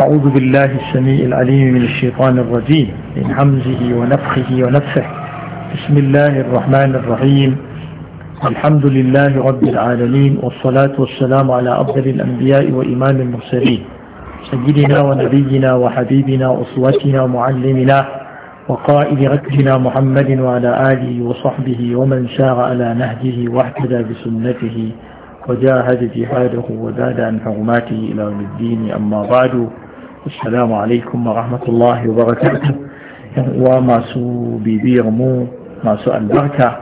أعوذ بالله السميع العليم من الشيطان الرجيم من حمزه ونفخه ونفسه بسم الله الرحمن الرحيم الحمد لله رب العالمين والصلاة والسلام على أفضل الأنبياء وإمام المرسلين سيدنا ونبينا وحبيبنا وأسوتنا معلمنا وقائد ركبنا محمد وعلى آله وصحبه ومن سار على نهجه واهتدى بسنته وجاهد جهاده وزاد عن حرماته إلى يوم الدين أما بعد السلام عليكم ورحمة الله وبركاته وما سو بيبيرمو ما سو البركة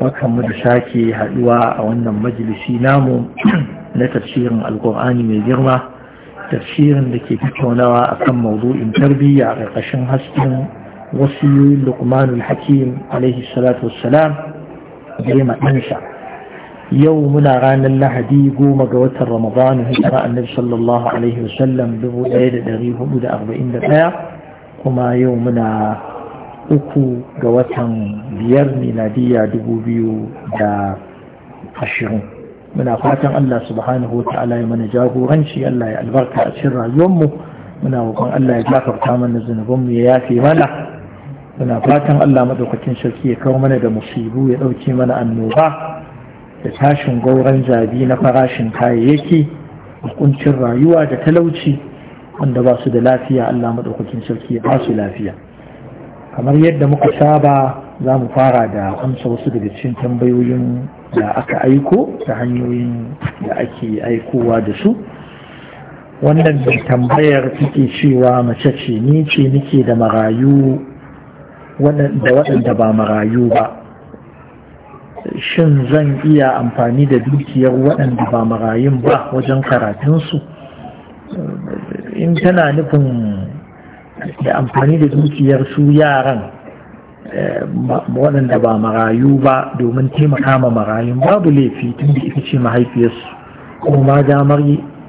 وكم مدساكي هدواء وأن مجلسي نامو لتفسير القرآن من جرمة تفسير لكي تتونا أكم موضوع تربية رقشن هستن وصي لقمان الحكيم عليه الصلاة والسلام جريمة منشأ yau muna ranar lahadi goma ga watan ramadanu hijira annabi sallallahu alaihi wasallam ɗaya. kuma yau muna uku ga watan biyar miladiya ashirin. muna fatan Allah subhanahu wa ta'ala ya mana jagoranci Allah ya albarka a cikin rayuwarmu muna roƙon Allah ya gafarta mana zunubanmu ya yafe mana muna fatan Allah madaukakin sarki ya kawo mana da musibu ya ɗauke mana annoba da tashin gauran zabi na farashin kayayyaki a kuncin rayuwa da talauci wanda ba su da lafiya Allah maɗaukakin sarki ya ba su lafiya kamar yadda muka saba za mu fara da amsa wasu daga cikin tambayoyin da aka aiko da hanyoyin da ake aikowa da su wannan mai tambayar take cewa mace ce ni ce nike da marayu da waɗanda ba marayu ba shin zan iya amfani da dukiyar waɗanda ba marayun ba wajen karatunsu in tana nufin da amfani da dukiyar su yaran eh, waɗanda ba marayu ba domin taimaka ma marayun babu laifi tun da ita ce mahaifiyarsu kuma damar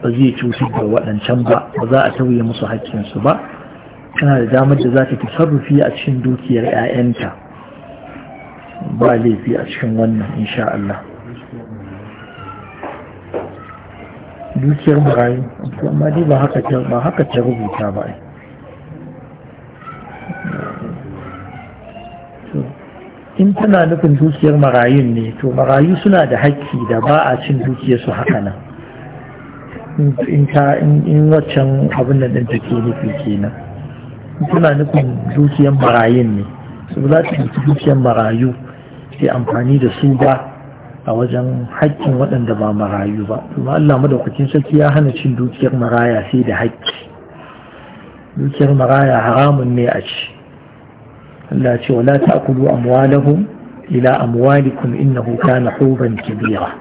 ba zai cuci da waɗancan ba ba za a tauye musu haƙƙinsu ba tana da damar da za ta sarrufi a cikin dukiyar 'ya'yanta ba laifi a cikin wannan insha Allah dukiyar marayu amma dai ba haka ta rubuta ba in tana nufin dukiyar marayun ne to marayu suna da haƙƙi da ba a cin dukiyarsu haka nan in ta in waccan abin da ɗin take nufi kenan tana nufin dukiyar marayun ne su za ta dukiyar marayu suke amfani da su ba a wajen haƙƙin waɗanda ba marayu ba kuma Allah madaukakin sarki ya hana cin dukiyar maraya sai da haƙƙi dukiyar maraya haramun ne a ci Allah ce wala ta'kulu amwalahum ila amwalikum innahu kana huban kibira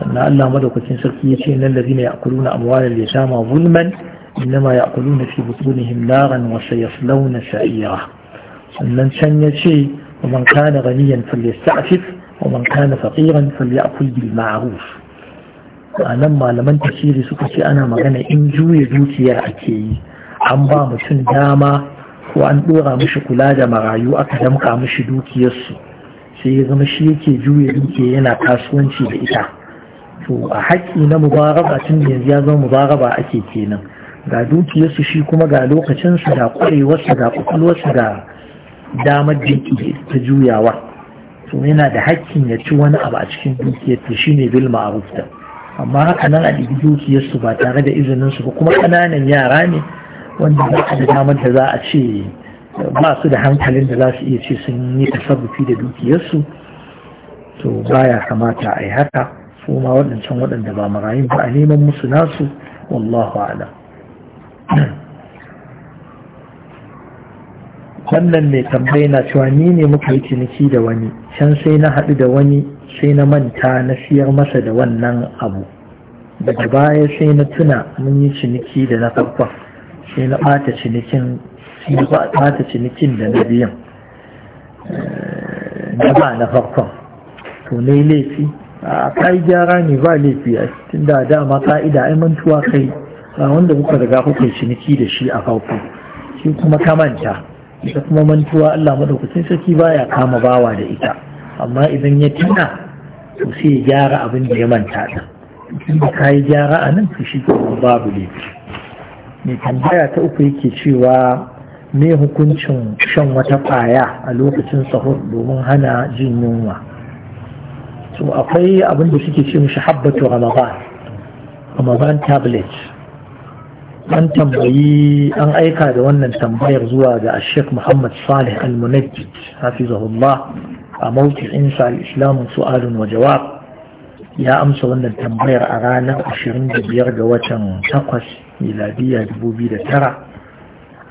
sannan Allah madaukakin sarki ya ce nan ladina ya'kuluna amwalal yatama zulman إنما يأكلون في بطونهم نارا وسيصلون سعيرا sannan can ya ce ومن كان غنيا فليستعفف ومن كان فقيرا فليأكل بالمعروف a nan malaman tafsiri suka ce ana magana in juya dukiyar ake yi an ba mutum dama ko an dora mashi kula da marayu aka damka mashi dukiyarsu sai ya zama shi yake juya dukiya yana kasuwanci da ita to a haƙƙi na mubaraba tun yanzu ya zama mubaraba ake kenan ga dukiyarsu shi kuma ga lokacinsu da kwarewarsu ga ƙwaƙwalwarsu da damar jinki ta juyawa to yana da hakkin ya ci wani abu a cikin dukiyar ta shine bil ma'ruf da amma haka nan a ɗigi dukiyar su ba tare da izinin su ba kuma ƙananan yara ne wanda ba a da damar da za a ce ba su da hankalin da za su iya ce sun yi tasarrufi da dukiyar su to baya kamata a yi haka su ma waɗancan waɗanda ba marayun ba a neman musu nasu wallahu a'lam wannan mai tambayi na cewa ni ne muka yi ciniki da wani can sai na haɗu da wani sai na manta na siyar masa da wannan abu daga baya sai na tuna mun yi ciniki da na farkon sai na ɓata cinikin ɓata cinikin da na biyan eh, na ba na farkon to ne laifi a kai gyara ne ba laifi a cikin da dama ka'ida ai mantuwa kai wanda kuka riga kuka ciniki da shi a farko shi kuma ka manta ita kuma mantuwa Allah madaukakin sarki baya kama bawa da ita amma idan ya tuna to sai ya gyara abin da ya manta ta in ka yi gyara a nan to shi babu laifi mai tambaya ta uku yake cewa me hukuncin shan wata kwaya a lokacin sahur domin hana jin yunwa to akwai abin da suke ce mishi habbatu ramadan ramadan tablet an tambayi an aika da wannan tambayar zuwa ga Sheikh Muhammad Salih Al-Munajjid hafizahullah a mawqin sa al-Islam su'alun wa jawab ya amsa wannan tambayar a ranar 25 ga watan 8 miladiya 2009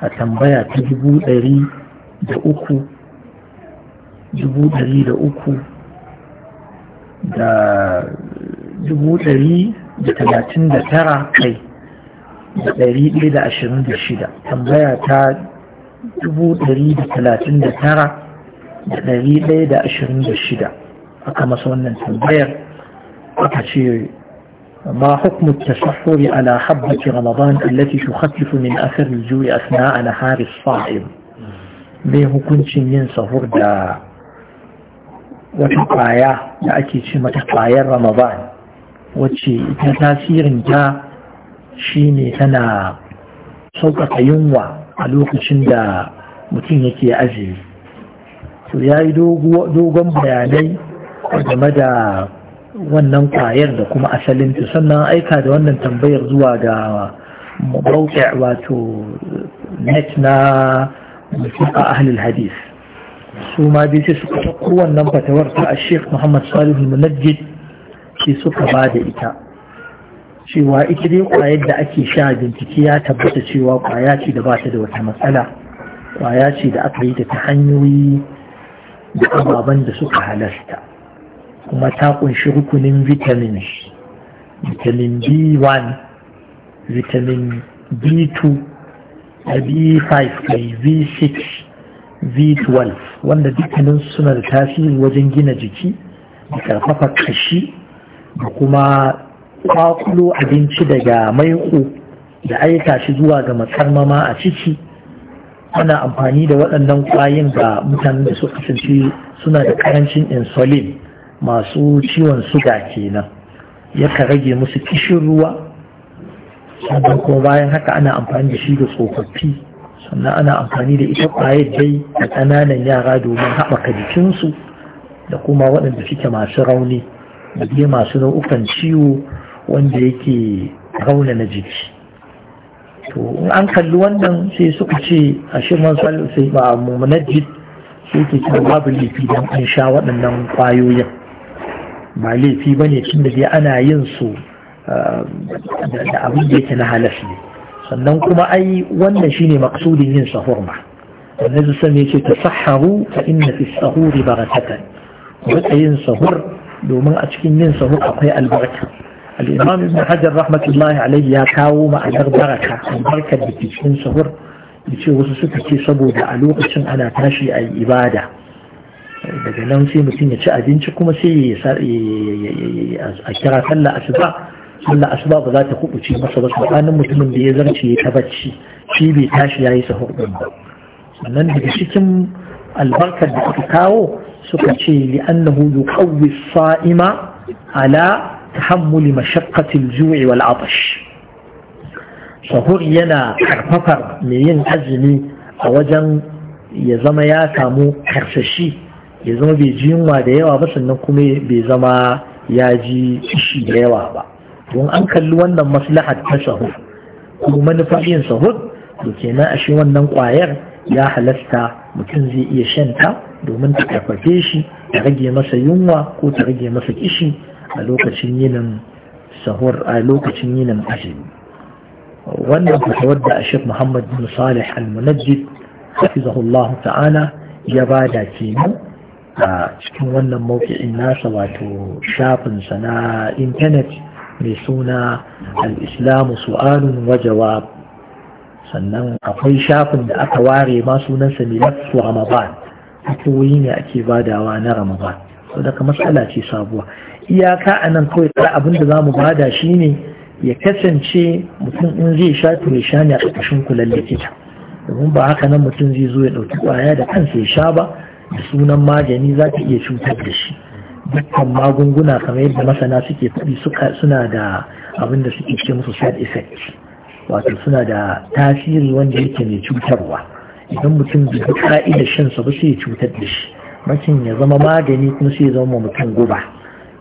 a tambaya ta 100 dubu ɗari da uku da dubu ɗari da talatin da tara kai da ɗari ɗaya da ashirin da shida tambaya ta dubu da talatin da tara da ɗari ɗaya da ashirin da shida aka masa wannan tambayar aka ce ما حكم التسحر على حبة رمضان التي تخفف من أثر الجوع أثناء نهار الصائم ليه كنت ينسهر دا وتقايا لأكي شمة قايا رمضان وتشي تتاثير جاء shine tana sauƙaƙa yunwa a lokacin da mutum yake azumi to ya yi dogon bayanai game da wannan kwayar da kuma asalin ta, sannan aika da wannan tambayar zuwa ga mawauƙi wato net na a ahalil hadis su ma bi sai suka ɗauko wannan fatawar ta a sheikh muhammad salihu munajjid ke suka ba da ita cewa ita dai kwayar da ake sha bincike ya tabbata cewa kwaya ce da ba ta da wata matsala kwaya ce da aka yi ta ta hanyoyi da ababen da suka halasta kuma ta kunshi rukunin vitamins vitamin b1 vitamin b2 b5 V 6 v12 wanda dukkanin suna da tasiri wajen gina jiki da karfafa kashi da kuma kwakulo abinci daga maiƙo da aika shi zuwa ga makarmama a ciki ana amfani da waɗannan kwayin ga mutanen da suka kasance suna da karancin insulin masu ciwon suga kenan yaka rage musu kishin ruwa sannan kuma bayan haka ana amfani da shi da tsofaffi sannan ana amfani da ita kwaye dai da ƙananan yara domin haɓaka jikinsu da kuma waɗanda suke masu rauni da biye masu nau'ukan ciwo wanda yake rauna na jiki to in an kalli wannan sai suka ce a shirman sai ba munajjid sai ke cewa babu laifi don an sha waɗannan ƙwayoyin ba laifi ba ne tun da dai ana yin su eh, da abin da yake na halas ne sannan kuma ai wannan shine maksudin yin sahur ba. wannan su sani ta saharu fa inna fi sahuri barakatan ku yin sahur domin a cikin yin sahur akwai albarka الإمام ابن حجر رحمة الله عليه يا كاو ما أدر بركة بركة بتشين صبر بتشي وسوس بتشي صبر ده ألوك أنا تناشي أي إبادة بدل لهم شيء مثلاً شيء أدين شو كم شيء صار أكثر فلا أسباب فلا أسباب ولا تخوف مصر ما صبر صبر أنا مثلاً بيزر شيء تبتش شيء شيء بتشي أي صبر من ده أنا البركة بتشي كاو سكتشي لأنه يقوي الصائمة على tahammuli mashaqqatil ju'i wal atash sahur yana karfafar mai yin azumi a wajen ya zama ya samu karsashi ya zama bai ji yunwa da yawa ba sannan kuma bai zama ya ji ishi da yawa ba don an kalli wannan maslahar ta sahur kuma manufa yin sahur da kenan ashe wannan kwayar ya halasta mutum zai iya shanta domin ta karfafe shi ta rage masa yunwa ko ta rage masa kishi a lokacin yinin sahur a lokacin yinin azumi wannan fatawar da ashir muhammad bin salih al-munajjid hafizahullahu ta'ala ya bada mu a cikin wannan mawki'in nasa wato shafin na intanet mai suna al-islamu su'alun wa jawab sannan akwai shafin da aka ware ma sunansa milafsu ramadan fatoyi ne ake badawa na ramadan saboda ka matsala ce sabuwa iyaka a nan kawai tsara abin da za mu bada shi ne ya kasance mutum in zai sha to ya sha ne a ƙarƙashin kulan likita domin ba haka nan mutum zai zo ya ɗauki ƙwaya da kansa ya sha ba da sunan magani za ta iya cutar da shi dukkan magunguna kamar yadda masana suke faɗi suna da abin da suke ce musu side effect wato suna da tasiri wanda yake mai cutarwa idan mutum bai bi ka'idar sa ba sai ya cutar da shi mutum ya zama magani kuma sai ya zama mutum guba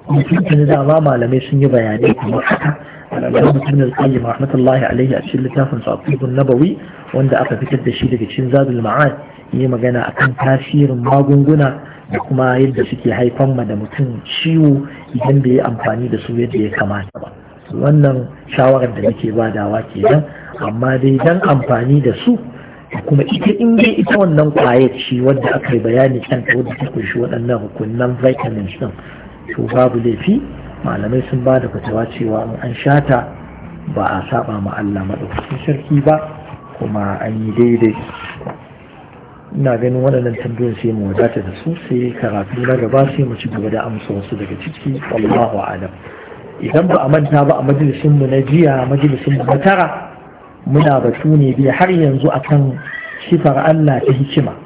mutum da ma malamai sun yi bayanai kuma haka al'adar mutum rahmatullahi alaihi a cikin littafin sa'adun nabawi wanda aka fitar da shi daga cikin zadul ma'ad yi magana akan tasirin magunguna da kuma yadda suke haifan ma da mutum ciwo idan bai yi amfani da su yadda ya kamata ba wannan shawarar da nake badawa kenan amma dai dan amfani da su kuma ita in dai ita wannan kwayar shi wadda aka yi bayani kanta wadda ta kunshi waɗannan hukunan vitamins din to babu laifi malamai sun ba da fatawa cewa in an shata ba a saba ma Allah maɗaukakin sarki ba kuma an yi daidai ina ganin waɗannan tambayoyin sai mu wadata da su sai karatu na gaba sai mu ci gaba da amsa wasu daga ciki wallahu a'lam idan ba a manta ba a majalisin mu na jiya majalisin mu na tara muna batu ne bi har yanzu akan sifar Allah ta hikima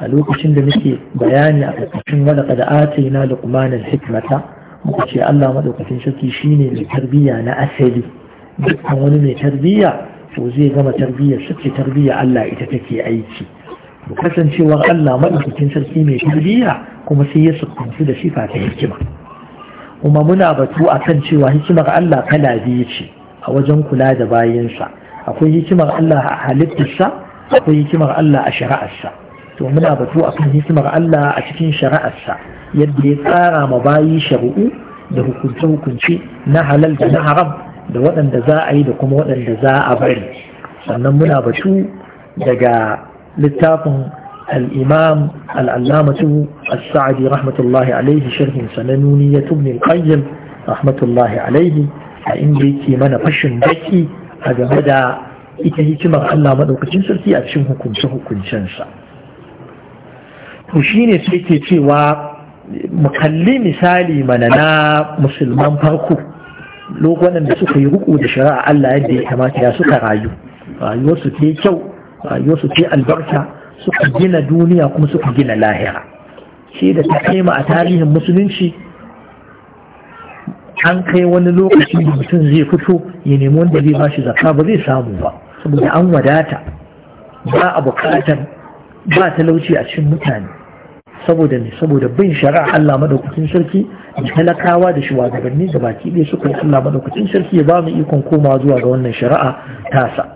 a lokacin da muke bayani a ƙarƙashin wada kada ate na luqmanul hikmata muka ce Allah maɗaukacin sarki shine mai tarbiyya na asali dukkan wani mai tarbiyya to zai gama tarbiyyar sarki tarbiyya Allah ita take aiki kasancewar Allah maɗaukacin sarki mai tarbiyya kuma sai ya sukuntu da sifa ta hikima kuma muna batu a kan cewa hikimar Allah kala biyu ce a wajen kula da bayansa akwai hikimar Allah a halittarsa akwai hikimar Allah a shari'arsa to muna batu akan kan hikimar Allah a cikin shari'ar sa yadda ya tsara ma bayi shari'u da hukunce-hukunce na halal da na haram da waɗanda za a yi da kuma waɗanda za a bari sannan muna batu daga littafin al-imam al’allamatu al-sa’adi rahmatullahi alaihi shirhin sananuni ya tubni al-qayyim rahmatullahi alaihi a inda yake mana fashin baki a game da ita hikimar Allah maɗaukacin sarki a cikin hukunce-hukuncensa. to shi sai ke cewa mu kalli misali mana na musulman farko lokacin da suka yi ruku da shari'a Allah yadda ya kamata ya suka rayu rayuwarsu ke kyau rayuwarsu ke albarka suka gina duniya kuma suka gina lahira shi da ta kaima a tarihin musulunci an kai wani lokacin da mutum zai fito ya nemi wanda zai bashi zakka ba zai samu ba saboda an wadata ba a bukatar ba talauci a cikin mutane saboda ne saboda bin shari'a Allah madaukakin sarki da talakawa da shugabanni da baki ɗaya suka yi Allah madaukakin sarki ya ba mu ikon koma zuwa ga wannan shari'a tasa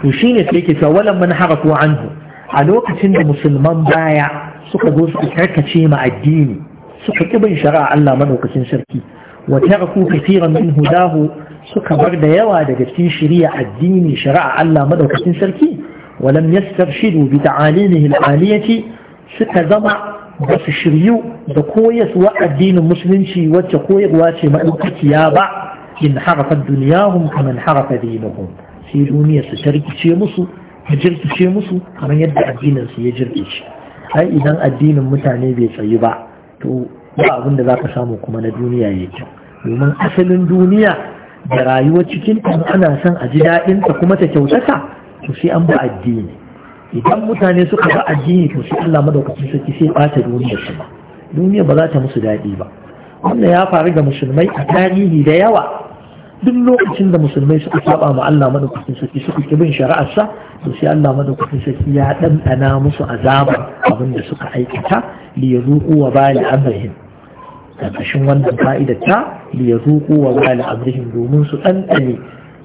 to shine sai yake cewa walan man harafu anhu a lokacin da musulman baya suka zo suka karkace ma addini suka ƙi bin shari'a Allah madaukakin sarki wa taraku kaseeran min hudahu suka bar da yawa daga cikin shari'a addini shari'a Allah madaukakin sarki ولم يسترشدوا بتعاليمه العالية سكزمع بس شريو دكوية سواء الدين المسلم شي وتكوية واشي مألوكة يابع إن حرف دنياهم كمن حرف دينهم في دنيا سترك شي مصر هجرت شي مصر كمن يدع الدين سيجرت شي هاي إذا الدين المتعني بيصيبع تو ba abin da za ka samu kuma na duniya ya kyau domin asalin duniya da rayuwar cikin ana son a ji daɗinta kuma ta kyautata to sai an ba addini idan mutane suka ba addini to sai Allah madaukakin sarki sai bata duniyar su ba duniya ba za ta musu daɗi ba wannan ya faru ga musulmai a tarihi da yawa duk lokacin da musulmai suka saba ma Allah madaukakin sarki suka ki bin shari'arsa to sai Allah madaukakin sarki ya dandana musu azaba abin da suka aikata li yazuqu wa bali amrihim karkashin wannan fa'idar ta li yazuqu wa bali amrihim domin su dandane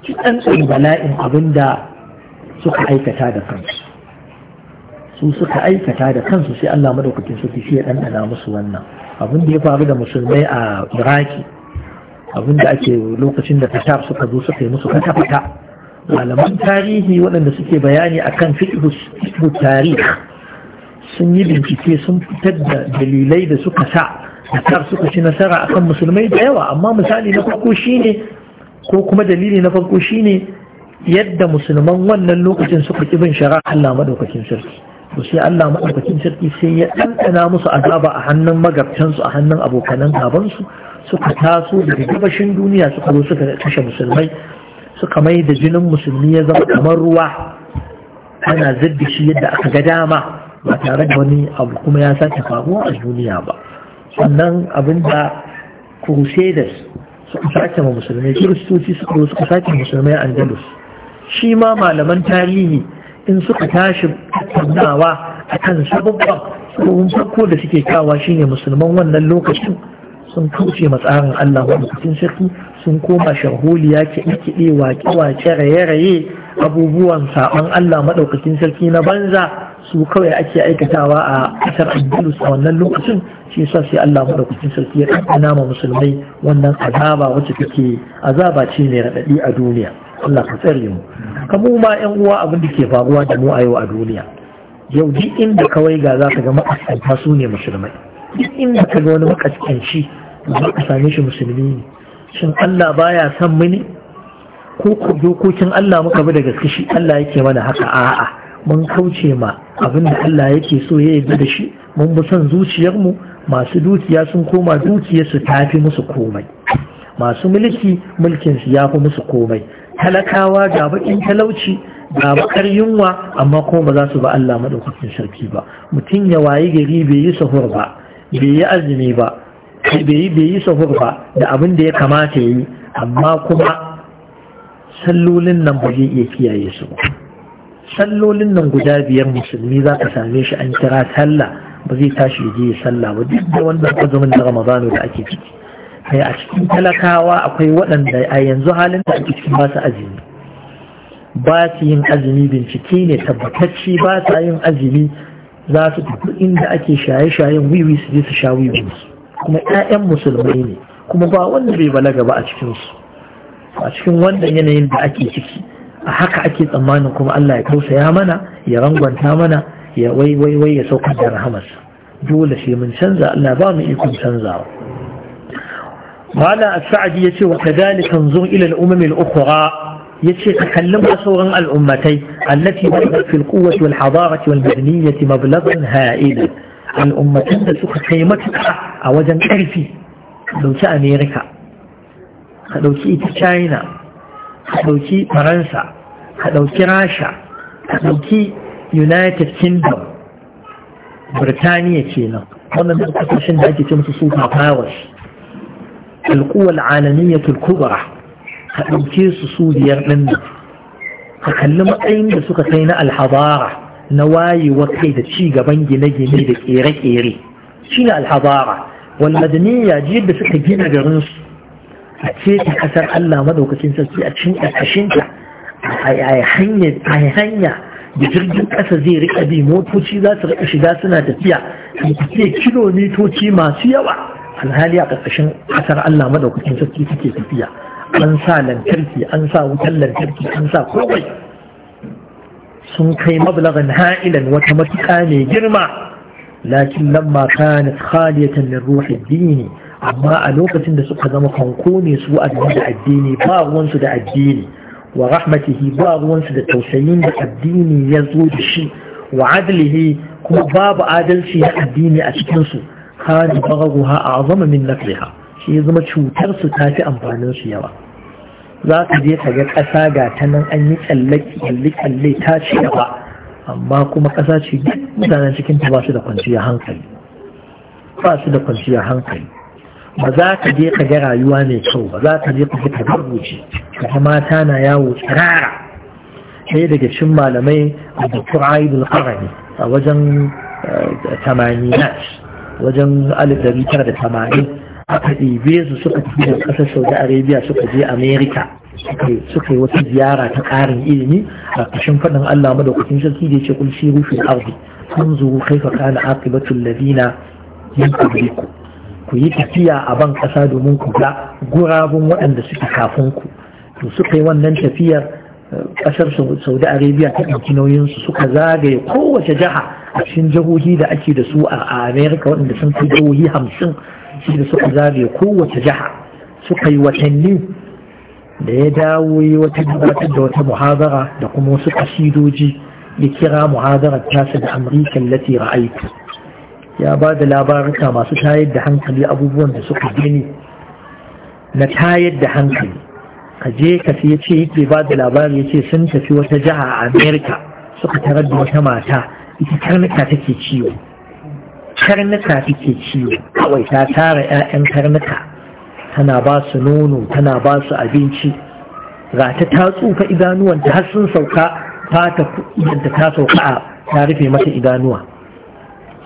su dandane bala'in abin da suka aikata da kansu su suka aikata da kansu sai Allah madaukakin su shi ya ɗanɗana musu wannan abin da ya faru da musulmai a iraki abin da ake lokacin da fatar suka zo suka yi musu fata-fata malaman tarihi waɗanda suke bayani akan fiqhu tarihi sun yi bincike sun fitar da dalilai da suka sa fatar suka ci nasara akan musulmai da yawa amma misali na farko shine ko kuma dalili na farko shine yadda musulman wannan lokacin suka ƙi bin shara Allah madaukakin sarki to sai Allah madaukakin sarki sai ya ɗanɗana musu azaba a hannun magabtansu a hannun abokanan gabansu suka taso daga gabashin duniya suka zo suka kashe musulmai suka mai da jinin musulmi ya zama kamar ruwa ana zubbi shi yadda aka ga dama ba tare da wani abu kuma ya sake faruwa a duniya ba sannan abin da crusaders suka sake ma musulmai kiristoci suka zo suka sake musulmai a andalus shi ma malaman tarihi in suka tashi tattaunawa a kan sababban tsohon farko da suke kawa shine musulman wannan lokacin sun kauce matsarin Allah wa sarki sun koma sharholiya kiɗe-kiɗe waƙe-waƙe raye-raye abubuwan saɓon Allah maɗaukakin sarki na banza su kawai ake aikatawa a ƙasar Andalus a wannan lokacin shi yasa sai Allah maɗaukakin sarki ya ɗanɗana ma musulmai wannan azaba wacce take azaba ce mai raɗaɗi a duniya. Allah ka tsare mu kamu ma yan uwa abin da ke faruwa da mu a yau a duniya yau duk inda kawai ga za ka ga makaskanta su ne musulmai duk inda ka ga wani makaskanci za ka same shi musulmi ne shin Allah baya son mu ne ko dokokin Allah muka bi daga gaske shi Allah yake mana haka a'a mun kauce ma abin da Allah yake so ya yi da shi mun bi son zuciyarmu masu dukiya sun koma dukiyarsu ta fi musu komai masu mulki su ya fi musu komai talakawa ga bakin talauci ga bakar yunwa amma ko ba za su ba Allah maɗaukakin sarki ba mutum ya wayi gari bai yi sahur ba bai yi azumi ba bai yi sahur ba da abin da ya kamata ya yi amma kuma sallolin nan ba zai iya kiyaye su sallolin nan guda biyar musulmi za ka same shi an kira sallah ba zai tashi ya je sallah ba duk da wannan azumin na ramadanu da ake ciki kai a cikin talakawa akwai waɗanda a yanzu halin da ake cikin basu azumi ba su yin azumi bincike ne tabbatacci ba su yin azumi za su tafi inda ake shaye-shayen wiwi su je su sha wiwi kuma 'ya'yan musulmai ne kuma ba wanda bai balaga ba a cikinsu a cikin wannan yanayin da ake ciki a haka ake tsammanin kuma Allah ya tausaya mana ya rangwanta mana ya wai wai wai ya saukar da rahamarsa dole sai mun canza Allah ba mu ikon canzawa قال السعدي يتي وكذلك انظر إلى الأمم الأخرى يتي تكلم صورا الأمتين التي بلغت في القوة والحضارة والمدنية مبلغا هائلا الأمتين تسوق قيمتها أوجا ألفي لو تي أمريكا لو تي تشاينا لو تي فرنسا لو تي راشا لو تي يونايتد كيندوم بريطانيا كينا ومن بريطانيا كينا ومن بريطانيا كينا ومن بريطانيا كينا القوى العالمية الكبرى كيس سوريا من أكلم أين سكتين الحضارة نواي وكيد تشيغ بنجي نجي ميدك إيري إيري شين الحضارة والمدنية جيد سكتين جرنس أتيت حسر ألا مدوك تنسكي أتشين أتشين أي حنية أي حنية da jirgin ƙasa zai rika bi motoci za su rika shiga suna tafiya da tafiya kilomitoci masu yawa alhali a ƙarƙashin ƙasar Allah madaukakin sarki suke tafiya an sa lantarki an sa wutan lantarki an sa komai sun kai mablagan ha'ilan wata matuƙa mai girma lakin lamma kanat khaliyatan min ruhi dini amma a lokacin da suka zama hanko ne su a da addini ba ruwansu da addini wa rahmatihi ba ruwansu da tausayin da addini ya zo da shi wa adlihi kuma babu adalci na addini a cikinsu kani bagaguha a azama min nafriha shi ya zama cutarsu ta fi amfanin su yawa za ka je ka ga ƙasa ga ta nan an yi tsalle tsalle ta ci gaba amma kuma ƙasa ce mutanen cikin ta ba su da kwanciyar hankali ba su da kwanciyar hankali ba za ka je ka ga rayuwa mai kyau ba za ka je ka ga tabarruci ka mata na yawo tsirara ɗaya daga cikin malamai a doktor aidul a wajen eh, tamaniyat wajen alif da tara da tamanin aka ɗibe su suka tafi da ƙasar saudi arabia suka je america suka yi wata ziyara ta ƙarin ilimi a ƙashin faɗin allah madaukakin sarki da ya ce kun siru fil ardi انظروا كيف كان عاقبة ladina, من قبلكم ku yi tafiya a ban ƙasa domin ku ga gurabun waɗanda suke kafin ku to suka yi wannan tafiyar eh, ƙasar saudi arabia ta ɗauki nauyinsu suka zagaye kowace jiha a jihohi da ake da su a amerika waɗanda sun fi jihohi hamsin shi da suka zabe kowace jiha suka yi watanni da ya dawo yi wata gabatar da wata muhazara da kuma wasu kasidoji ya kira muhazarar tasa da amurka lati ra'aitu ya ba da labaruka masu tayar da hankali abubuwan da suka gani na tayar da hankali ka je ka ce yake ba da labari ya ce sun tafi wata jiha a amerika suka tarar da wata mata ita karnuka take ciwo karnuka take ciwo kawai ta tara 'ya'yan karnuka tana ba su nono tana ba su abinci ga ta ta tsufa ta har sun sauka fata yadda ta sauka a ta rufe mata idanuwa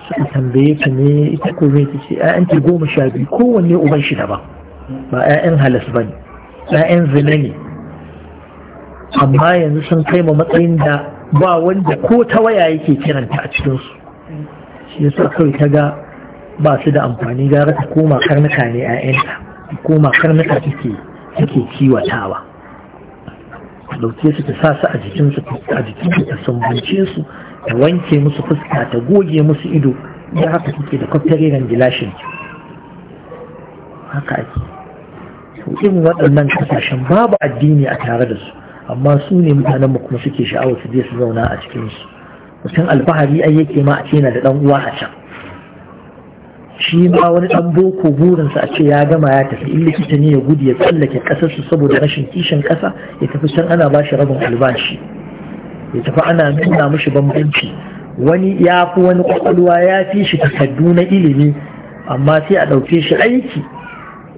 suka tambaye ta ne ita ko me ta ce ƴaƴan ta goma sha biyu kowanne uban shi daban ba ƴaƴan halas ba ne ƴaƴan zina ne amma yanzu sun kai ma matsayin da ba wanda ko ta waya yake kiranta a cikinsu shi yasa kawai ta ga ba su da amfani gara ta koma karnuka ne a yanta koma karnuka take take kiwatawa ta ɗauke su ta a jikinsu a ta sumbance su ta wanke musu fuska ta goge musu ido da haka take da ran gilashin haka ake to irin waɗannan kasashen babu addini a tare da su amma su ne mutanen kuma suke sha'awar su je su zauna a cikin su mutum alfahari ai yake ma a ce da dan uwa a can shi ma wani dan boko burinsa a ce ya gama ya tafi in likita ne ya gudu ya tsallake ƙasarsu saboda rashin kishin kasa ya tafi can ana ba shi rabin albashi ya tafi ana nuna mishi bambanci wani ya fi wani kwakwalwa ya fi shi takardu na ilimi amma sai a ɗauke shi aiki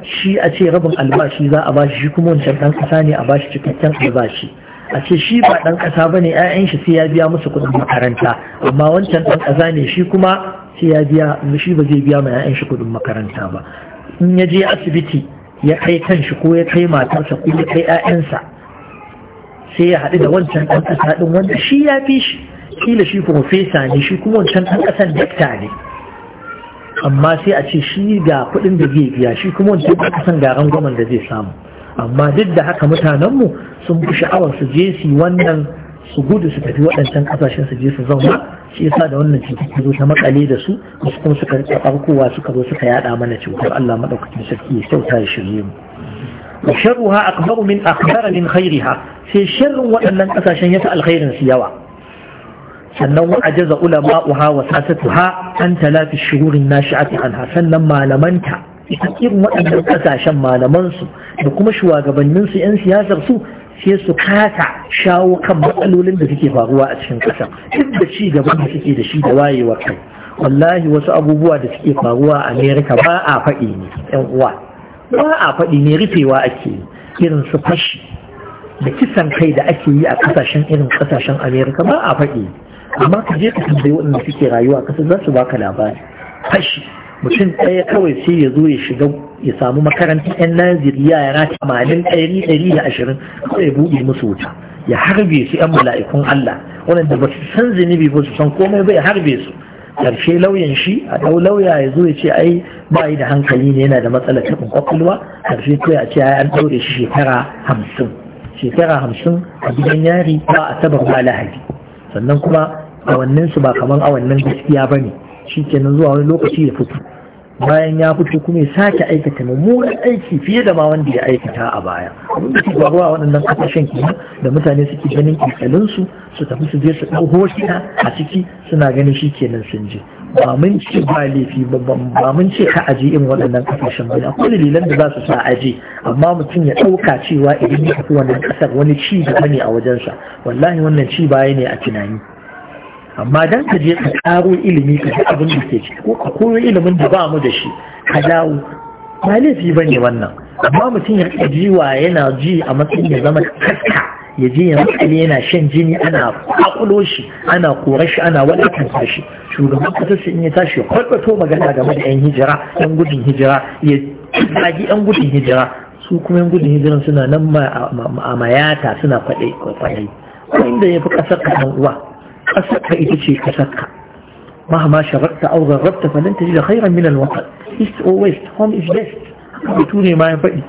shi a ce rabin albashi za a bashi shi kuma wancan ɗan ƙasa ne a bashi cikakken albashi a ce shi ba ɗan ƙasa ba ne 'ya'yan shi sai ya biya musu kuɗin makaranta amma wancan ɗan ƙasa ne shi kuma sai ya biya shi ba zai biya ma 'ya'yan shi kuɗin makaranta ba in ya je asibiti ya kai kan shi ko ya kai matarsa ko ya kai 'ya'yansa sai ya haɗu da wancan ɗan ƙasa ɗin wanda shi ya fi shi kila shi profesa ne shi kuma wancan ɗan ƙasan dakta ne amma sai a ce shi ga kuɗin da zai biya shi kuma wanda ya kasan gyaran gwamnan da zai samu amma duk da haka mutanenmu sun fi sha'awar su je su wannan su gudu su tafi waɗancan ƙasashen su je su zauna shi yasa da wannan cutar ta zo ta makale da su wasu kuma suka rika ɓarkowa suka zo suka yaɗa mana cutar Allah maɗaukacin sarki ya kyauta ya shirye mu وشرها أكبر من أخبار من sai في waɗannan ƙasashen أساشا يسأل su yawa. sannan wa ajaza ulama uha wa sasatuha an talafi shururin nashi'ati anha sannan malamanta ita irin waɗannan ƙasashen malamansu da kuma su 'yan siyasar su sai su kata shawo kan matsalolin da suke faruwa a cikin ƙasa duk da ci gaban da suke da shi da wayewar kai wallahi wasu abubuwa da suke faruwa a amerika ba a faɗi ne yan uwa ba a faɗi ne rufewa ake yi irin su fashi da kisan kai da ake yi a ƙasashen irin ƙasashen amerika ba a faɗi amma ka je ka tambayi waɗanda suke rayuwa kasa za su baka labari fashi mutum ɗaya kawai sai ya zo ya shiga ya samu makarantar yan naziriya yana tamanin ɗari ɗari da ashirin kawai buɗe musu wuta ya harbe su yan mala'ikun Allah waɗanda ba su san zunubi ba su san komai ba ya harbe su karshe lauyan shi a ɗau lauya ya zo ya ce ai ba yi da hankali ne yana da matsala taɓin kwakwalwa karshe ko ya ce ai an ɗaure shi shekara hamsin shekara hamsin a gidan yari ba a tabar ba lahadi sannan kuma awannin su ba kamar awannin gaskiya ba ne shi kenan zuwa wani lokaci ya fito bayan ya fito kuma ya sake aikata mummunan aiki fiye da ma wanda ya aikata a baya abin da ke faruwa waɗannan kasashen kenan da mutane suke ganin kirkalin su su tafi su je su ɗau hotuna a ciki suna ganin shi kenan sun je ba mun ce ba laifi ba mun ce ka aje irin waɗannan kasashen ba akwai dalilan da za su sa aje amma mutum ya ɗauka cewa idan ya tafi wannan ƙasar wani ci gaba ne a wajensa wallahi wannan ci baya ne a tunani amma dan ka je ka karo ilimi ka ji abin da ke ciki ko ka koyo ilimin da ba mu da shi ka dawo ba laifi ba ne wannan amma mutum ya ji jiwa yana ji a matsayin ya zama kaska ya ji ya matsale yana shan jini ana kwakulo shi ana kore shi ana wadatar shi shugaban kasar su in ya tashi ya kwakwato magana game da yan hijira yan gudun hijira ya zagi yan gudun hijira su kuma yan gudun hijira suna nan a mayata suna kwaɗai kwaɗai inda ya fi ƙasar kaɗan uwa ƙasarka ita ce ƙasarka mahama sharatta au zarrabta fa lan tajida khairan min al-waqt east or west home is best mutu ne ma faɗi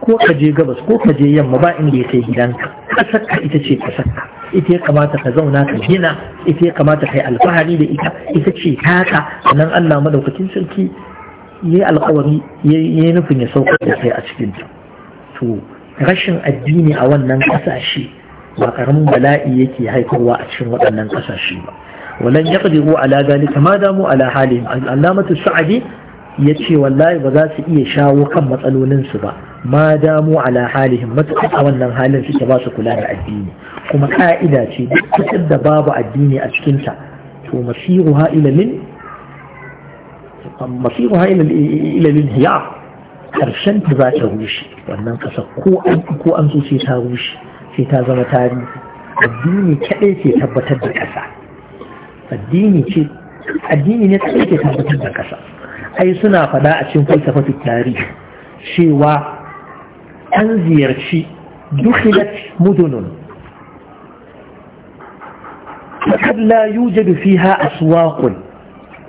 ko ka je gabas ko ka je yamma ba inda ya kai gidanka ƙasarka ita ce ƙasarka ita ya kamata ka zauna ka gina ita ya kamata ka yi alfahari da ita ita ce taka nan Allah madaukakin sarki ya yi alkawari ya yi nufin ya sauka da kai a cikin to rashin addini a wannan ƙasashe ba karamin bala'i yake haifarwa a cikin waɗannan ƙasashe ba walan ya ƙadiru ala zalika ma damu ala halin al'amatu sa'adi ya ce wallahi ba za su iya shawo kan matsalolinsu ba ma damu ala halihim matuƙa a wannan halin suke ba su kula da addini kuma ka'ida ce duk da babu addini a cikinta to masiruha ila lin masiruha ila lin hiya karshen ta za ta rushe wannan kasa ko an ko an so sai ta rushe ce ta zama tarihi addini kaɗai ke tabbatar da ƙasa addini ce addini ne kaɗai ke tabbatar da ƙasa ai suna faɗa a cikin falsafafi tarihi cewa an ziyarci duhilat mudunun fakad la yujadu fiha aswaqun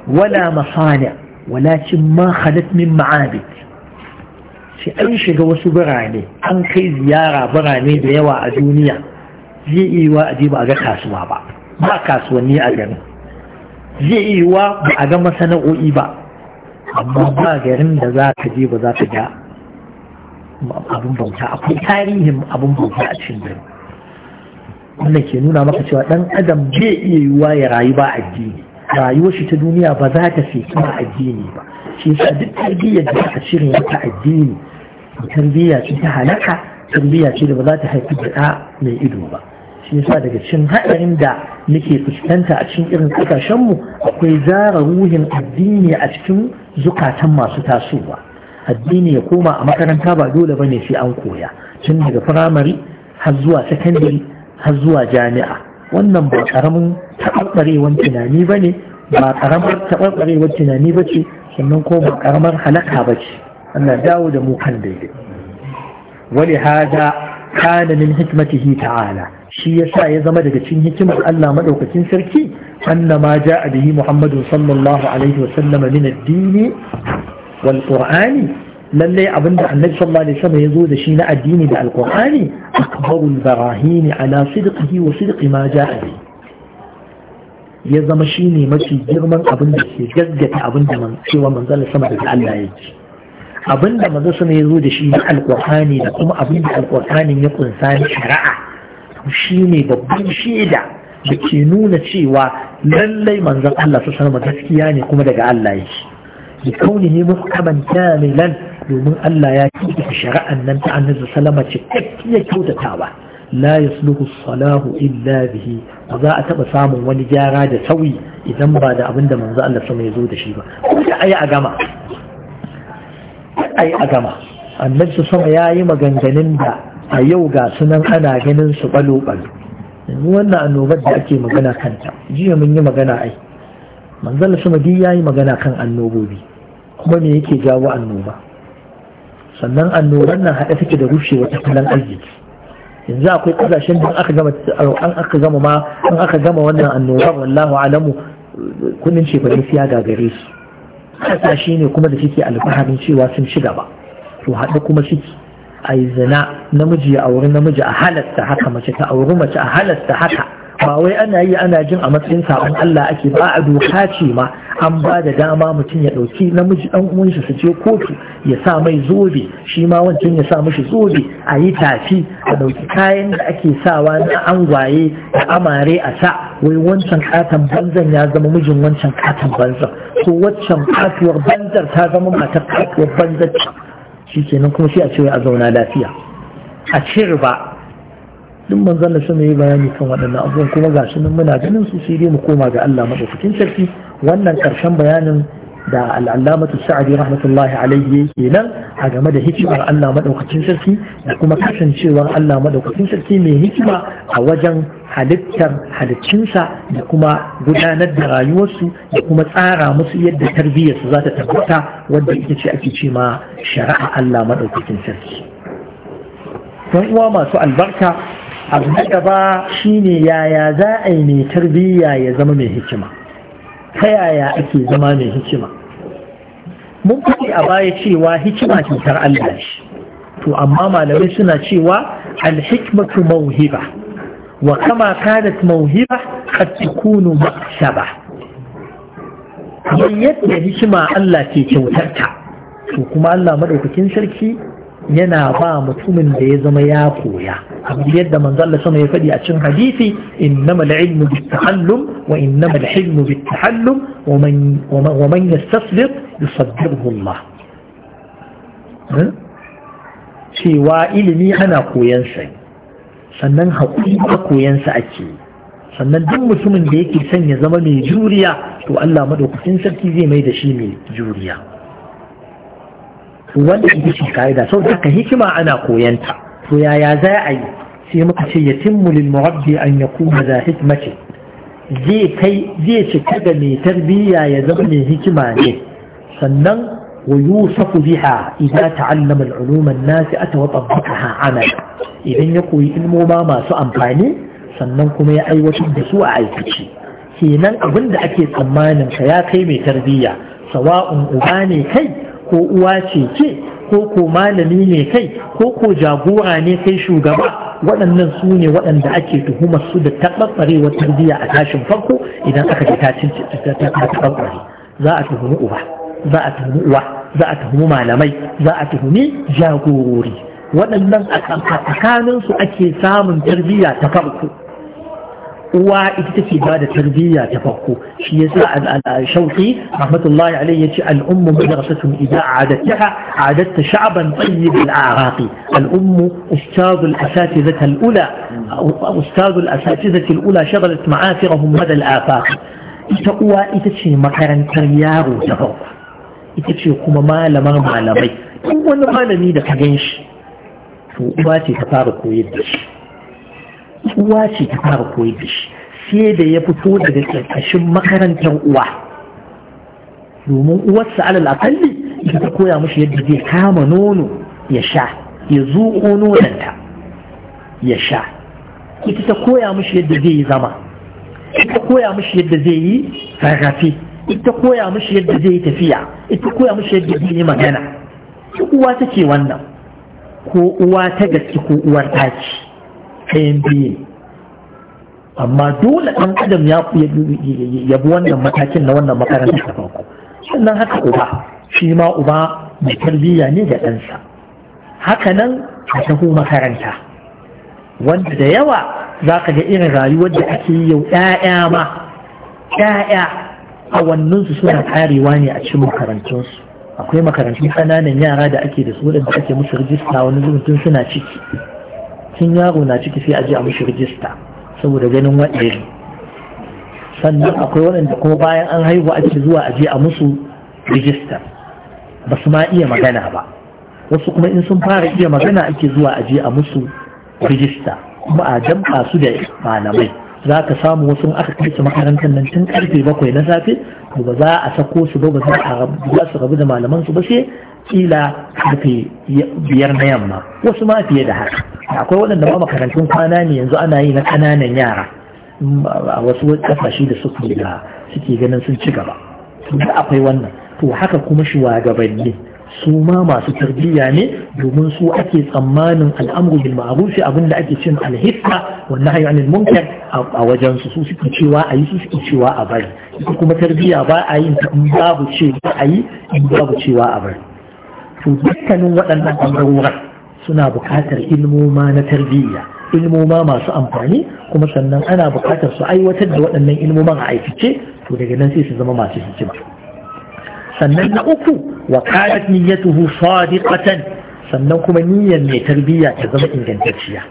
wala masani wala cin ma khalat min ma'abid shi an shiga wasu birane an kai ziyara birane da yawa a duniya zai iya a je ba a ga kasuwa ba ba kasuwanni a garin zai iya ba a ga masana'o'i ba amma ba garin da za ka je ba za ka ga abin bauta akwai tarihin abin bauta a cikin garin wannan ke nuna maka cewa dan adam zai iya yiwuwa ya rayu ba addini rayuwar shi ta duniya ba za ta fi kuma addini ba shi yasa duk tarbiyyar da aka shirya ta addini tarbiyya ce ta halaka tarbiyya ce da ba za ta haifi da mai ido ba shi yasa daga cikin haɗarin da muke fuskanta a cikin irin ƙasashenmu akwai zara ruhin addini a cikin zukatan masu tasowa addini ya koma a makaranta ba dole ne sai an koya tun daga firamare har zuwa sakandare har zuwa jami'a wannan ba ƙaramin taɓarɓarewar tunani ba ne ba ƙaramar taɓarɓarewar tunani ba ce sannan ko ba ƙaramar halaka ba ce أن داود مقلد ولهذا كان من حكمته تعالى شي يسا يزمد كتين حكمة ألا مدعو كتين سركي أن ما جاء به محمد صلى الله عليه وسلم من الدين والقرآن للي أبن عن نجس الله عليه وسلم يزود شينا الدين بالقرآن أكبر البراهين على صدقه وصدق ما جاء به يزمشيني مشي جرما أبن جزجة أبن من سوى من ظل سمد الله يجي abinda manzo su ya zo da shi na alƙur'ani da kuma abinda alƙur'anin ya kunsa ni shari'a shi ne babban shaida da ke nuna cewa lallai manzon Allah su sanar gaskiya ne kuma daga Allah yake bi kaunihi muhkaman kamilan domin Allah ya kike shari'an nan ta annabi Salama ce kakkiya kyautatawa la yasluhu salahu illa bihi ba za a taba samun wani gyara da sauyi idan ba da da manzo Allah sama ya zo da shi ba ko da ayi a gama ai a gama annabi su sama ya yi maganganun da a yau ga sunan ana ganin su balo-balo wannan annobar da ake magana kanta jiya mun yi magana ai Manzala sama dai ya yi magana kan annobobi kuma me yake jawo annoba sannan annoban nan haɗe take da rushewa tattalin arziki yanzu akwai ƙasashen da aka gama an aka gama ma an aka gama wannan annobar wallahu alamu kunin ce ba gaskiya gagare su kasashe ne kuma da suke alfaharin cewa sun ci gaba to haɗu kuma suke a yi zina namiji ya auri namiji a halasta haka mace ta auri mace a halasta haka ba wai ana yi ana jin a matsayin sabon Allah ake ba a doka ce ma an ba da dama mutum ya ɗauki namiji ɗan uwan shi su je kotu ya sa mai zobe shi ma wancan ya sa mishi zobe a yi tafi a ɗauki kayan da ake sawa na angwaye da amare a sa wai wancan katon banzan ya zama mijin wancan katon banzan ko waccan katuwar banzar ta zama matar katuwar banzar shi kenan kuma sai a ce a zauna lafiya a ci riba duk manzon da sun yi bayani kan waɗannan abubuwan kuma ga su muna ganin su sai dai mu koma ga Allah madaukakin sarki wannan karshen bayanin da al'allamatu sa'adi rahmatullahi alaihi kenan a game da hikimar Allah madaukakin sarki da kuma kasancewar Allah madaukakin sarki mai hikima a wajen halittar halittinsa da kuma gudanar da rayuwarsu da kuma tsara musu yadda tarbiyyarsu za ta tabbata wadda ita ce ake ce ma shari'a Allah madaukakin sarki. uwa masu albarka abu na gaba shine yaya za a yi mai tarbiyya ya zama mai hikima ta yaya ake zama mai hikima mun kuɗi a baya cewa hikima cutar Allah shi to amma malamai suna cewa alhikmatu mauhiba wa kama kanat mauhiba kad takunu maksaba kamar da hikima Allah ke kyautarta to kuma Allah madaukakin sarki yana ba mutumin da ya zama ya koya abu yadda manzalla sama ya faɗi a cikin hadisi innama al-ilmu bit ta'allum wa innama al ilmu bit ta'allum wa man wa man yastasbir yusabbirhu Allah hmm? cewa ilimi ana koyan sa sannan hakuri ka koyan sa ake sannan duk mutumin da yake son ya zama mai juriya to Allah madaukakin sarki zai mai da shi mai juriya wanda ita ce ka'ida sau da hikima ana koyanta to yaya za a yi sai muka ce ya lil murabbi an kuma da hikmati zai kai zai cika ga mai tarbiyya ya zama mai hikima ne sannan wa yusafu biha idza ta'allama al-ulum an-nas atawa amal idan ya koyi ilmoma masu amfani sannan kuma ya aiwatar da su a aikace kenan abin da ake tsammanin ka ya kai mai tarbiyya sawa'un uba ne kai ko uwa ce ke ko ko malami ne kai ko ko jagora ne kai shugaba waɗannan su ne waɗanda ake tuhumar su da taɓarɓarewar tarbiyya a tashin farko idan aka ji tashin taɓarɓare za a tuhumi uba za a tuhumi uwa za a tuhumi malamai za a tuhumi jagorori waɗannan a tsakaninsu ake samun tarbiyya ta farko uwa ita take ba da tarbiyya ta farko shi yasa al-shawqi rahmatullahi alayhi yace al-ummu madrasatun idza a'adattaha a'adatta sha'ban tayyib al-a'raqi al-ummu ustad al-asatidha al-ula ustad al-asatidha al-ula shaghalat ma'asirahum mada al-afaq ita uwa ita ce makarantar yaro ta farko ita ce kuma malamar malamai duk wani malami da ka gan shi to uwa ce ta fara koyar da shi uwa ce ta fara koyi da shi sai da ya fito daga ƙarƙashin makarantar uwa domin uwarsa alal akalli ita ta koya mushi yadda zai kama nono ya sha ya zuƙo nononta ya sha ita ta koya mushi yadda zai yi zama ita koya mushi yadda zai yi sarrafi. ita koya mushi yadda zai yi tafiya ita koya mushi yadda zai yi magana uwa take wannan ko uwa ta gaske ko uwar ce ɗayan biyu amma dole ɗan adam ya yabi wannan matakin na wannan makaranta ta farko sannan haka uba shi ma uba mai tarbiyya ne da ɗansa haka nan a taho makaranta wanda da yawa za ka ga irin rayuwar da ake yi yau ɗaya ma ɗaya awanninsu suna karewa ne a cikin makarantunsu akwai makarantun ƙananan yara da ake da su wadanda ake musu rijista wani zubutun suna ciki tun yaro na ciki sai a je a mishi rijista saboda ganin waɗeri sannan akwai waɗanda kuma bayan an haihu ake zuwa a ji a musu rijista ba su ma iya magana ba wasu kuma in sun fara iya magana ake zuwa a ji a musu rijista kuma a damƙa su da malamai za ka samu wasu aka kai su makarantar nan tun karfe bakwai na safe to ba za a sako su ba ba za su rabu da malaman su ba sai kila karfe biyar na yamma wasu ma fiye da haka akwai waɗanda ma makarantun kwana ne yanzu ana yi na ƙananan yara a wasu kasashe da suke da suke ganin sun ci gaba akwai wannan to haka kuma shugabanni su ma masu tarbiyya ne domin su ake tsammanin al'amru bil ma'rufi abinda ake cin alhissa wa nahyi anil munkar a wajen su suke cewa ayi su suke cewa a bari ita kuma tarbiyya ba a yin ta in babu cewa ayi in babu cewa a bari to dukkanin waɗannan ɓangarorin suna buƙatar ilmoma na tarbiyya ilmoma masu amfani kuma sannan ana buƙatar su aiwatar da waɗannan ilmoman a aikice to daga nan sai su zama masu hikima sannan na uku wa kanat niyyatuhu sadiqatan sannan kuma niyyar mai tarbiyya ta zama ingantacciya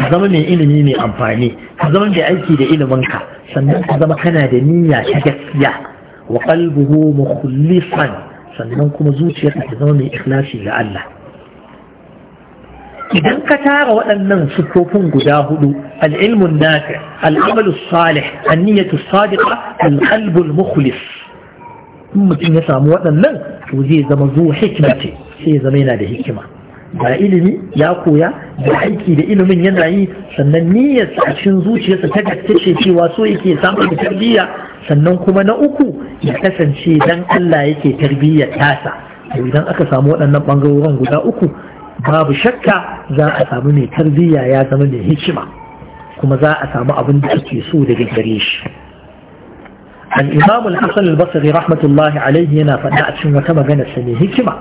ka zama mai ilimi mai amfani ka zama mai aiki da iliminka sannan ka zama kana da niyya ta gaskiya wa qalbuhu mukhlisan sannan kuma zuciyarka ka zama mai ikhlasi ga Allah idan ka tara waɗannan sufofin guda hudu ilmun nafi al'amalu salih anniyatu sadiqa al-qalbu al-mukhlis in mutum ya samu waɗannan to zai zama zuwa hikima ce sai ya zama yana da hikima ga ilimi ya koya da aiki da ilimin yana yi sannan niyyarsa a cikin zuciyarsa ta gaske ce cewa so yake samun da tarbiyya sannan kuma na uku ya kasance dan Allah yake tarbiyya tasa to idan aka samu waɗannan ɓangarorin guda uku babu shakka za a samu mai tarbiyya ya zama da hikima kuma za a samu abin da ake so daga gare shi an imamul hasan al-basri rahmatullahi alayhi yana faɗa a cikin wata magana sa ne hikima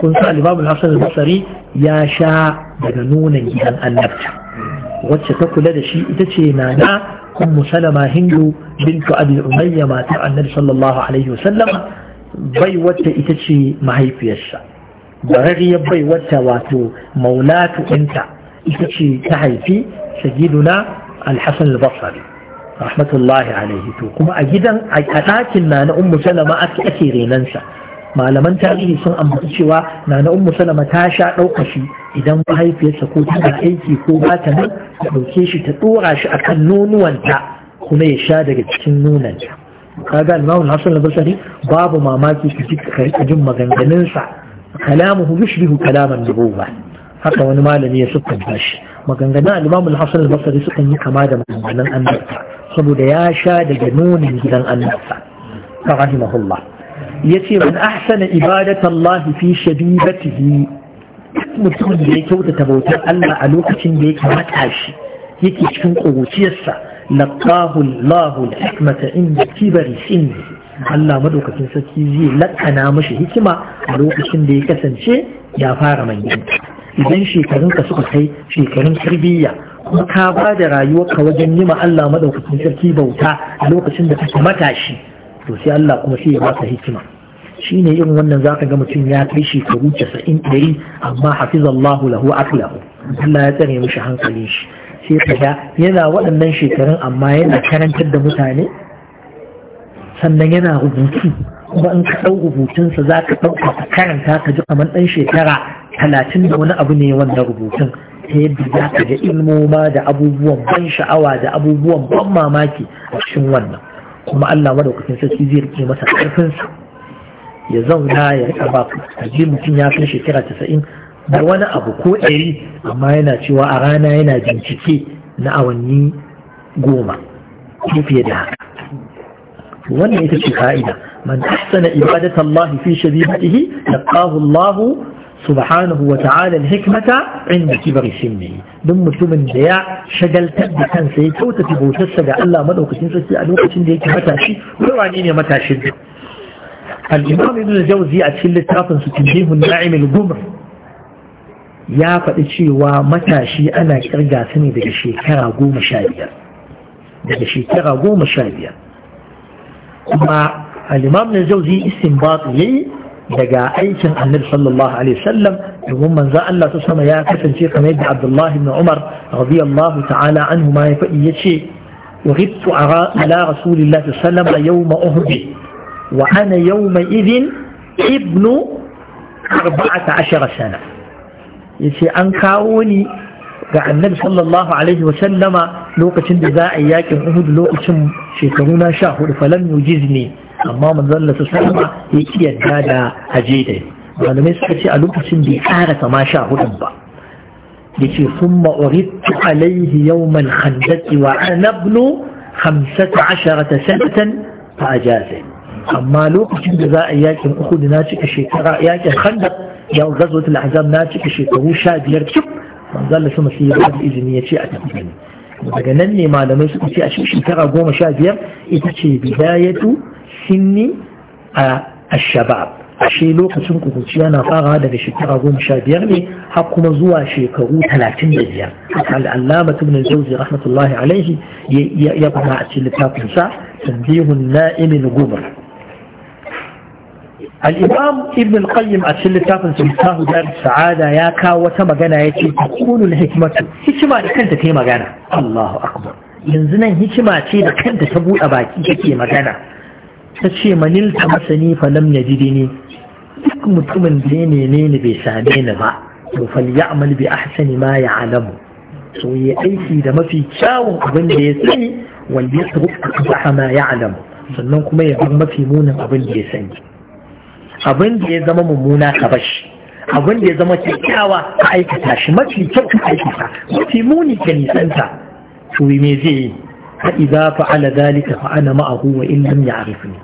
kun san al-imamul hasan al ya sha daga nunan gidan annabta wacce ta kula da shi ita ce nana ummu salama hindu bintu abi umayya matar annabi sallallahu alaihi wasallam bai wata ita ce mahaifiyarsa barariyar bai wata wato maulatu ɗinta ita ce ta haifi sagiduna al-hasan al-basri rahmatullahi alaihi to kuma a gidan a ɗakin na na ummu salama ake ake malaman tarihi sun ambaci cewa na na ummu salama ta sha ɗauka shi idan mahaifiyarsa ko tana aiki ko ba ta nan ta ɗauke shi ta ɗora shi akan nonuwanta kuma ya sha daga cikin nonanta kaga al-Imam Hassan al-Basri babu mamaki ka ka jin maganganun sa kalamuhu yushbihu kalaman nubuwa haka wani malami ya sukan tashi maganganun al-Imam Hassan al-Basri sukan yi kama da maganganun annabta saboda ya sha daga nunin gidan annabta rahimahullah yace man ahsana ibadatallahi fi shabibatihi mutum da ya kyautata bautar Allah a lokacin da yake matashi yake cikin ƙuruciyarsa laqahu Allahu al-hikmata inda kibari sinni Allah madaukakin sarki zai lakana mashi hikima a lokacin da ya kasance ya fara manyanta idan shekarunka suka kai shekarun tarbiyya ka ba da rayuwarka wajen yi ma Allah madaukakin sarki bauta a lokacin da kake matashi to sai Allah kuma sai ya baka hikima shine irin wannan zaka ga mutum ya kai shekaru 90 ɗari amma hafizallahu lahu aqlahu Allah ya tsare mishi hankalin shi sai ka yana waɗannan shekarun amma yana karantar da mutane sannan yana rubutu kuma in ka ɗau rubutunsa za ka ɗauka ka karanta ka ji kamar ɗan shekara talatin da wani abu ne wannan rubutun ta yadda za ka ga ilmoma da abubuwan ban sha'awa da abubuwan ban mamaki a cikin wannan kuma Allah madaukakin sarki zai rike masa su ya zauna ya rika ba ji mutum ya kai shekara casa'in da wani abu ko ɗari amma yana cewa a rana yana bincike na awanni goma ko fiye da haka wannan ita ce ka'ida man ahsana ibadatallahi fi sharibatihi laqahu Allah سبحانه وتعالى الحكمة عند كبر سنه دم متمن ديا شغل تبدي كان سي كوتا تبوتسا ألا الله مدوكتين سي الوقتين دي متاشي ولو عنين متاشي الإمام ابن الجوزي أتشل لترافن ستنبيه الناعم الجمر ya faɗi cewa matashi ana kirga su ne daga shekara goma sha biyar daga shekara goma sha biyar kuma al'imam na jauzi istin ba ya yi daga aikin annabi sallallahu alaihi sallam domin manzo Allah ta sama ya kasance kamar yadda Abdullah ibn Umar radiyallahu ta'ala anhu ma ya faɗi yace وغبت على رسول الله صلى الله عليه وسلم يوم أهد وأنا يومئذ ابن أربعة عشر سنة yace an kawo ni ga annabi sallallahu alaihi wa sallama lokacin da za a yi yakin uhud lokacin shekaru na sha hudu falam yujizni amma manzon Allah sallama ya ki yadda da haje dai malamai suka ce a lokacin bai karasa ma sha hudun ba yace thumma uridtu alayhi yawm al-khandaq wa ana ibnu 15 sanatan fa ajaza amma lokacin da za a yakin uku na cika shekara yakin khandaq ya gazwat al-ahzab na cika shekaru 15 cip manzon Allah sama sai ya izini yace a tafi daga nan ne malamai suka ce a cikin shekara goma sha biyar ita ce bidayatu سن الشباب ashe lokacin kukuci yana fara daga shekara goma sha biyar ne har kuma zuwa shekaru talatin da biyar al'allama tubnin jauzi rahmatullahi alaihi ya fara a cikin littafinsa tambihun na'imin gumar الإمام ابن القيم أشل تافن سلطاه دار السعادة يا كاوة مغانا يتي تقول الحكمة هكما لكنت تي مغانا الله أكبر ينزنا هكما تي لكنت تبوء باكي تي مغانا ta ce manil ta masani fa lam ya ne duk mutumin da ya nene ni bai same ni ba to fal ya'mal bi ahsani ma ya'lamu so yi aiki da mafi kyawun abin da ya sani wanda ya tabu a ma ya'lamu sannan kuma ya bar mafi munin abin da ya sani abin da ya zama mummuna ka bashi abin da ya zama kyakkyawa ka aikata shi mafi kyau ka aikata mafi muni ka nisanta to me zai yi فإذا فعل ذلك فأنا معه وإن لم يعرفني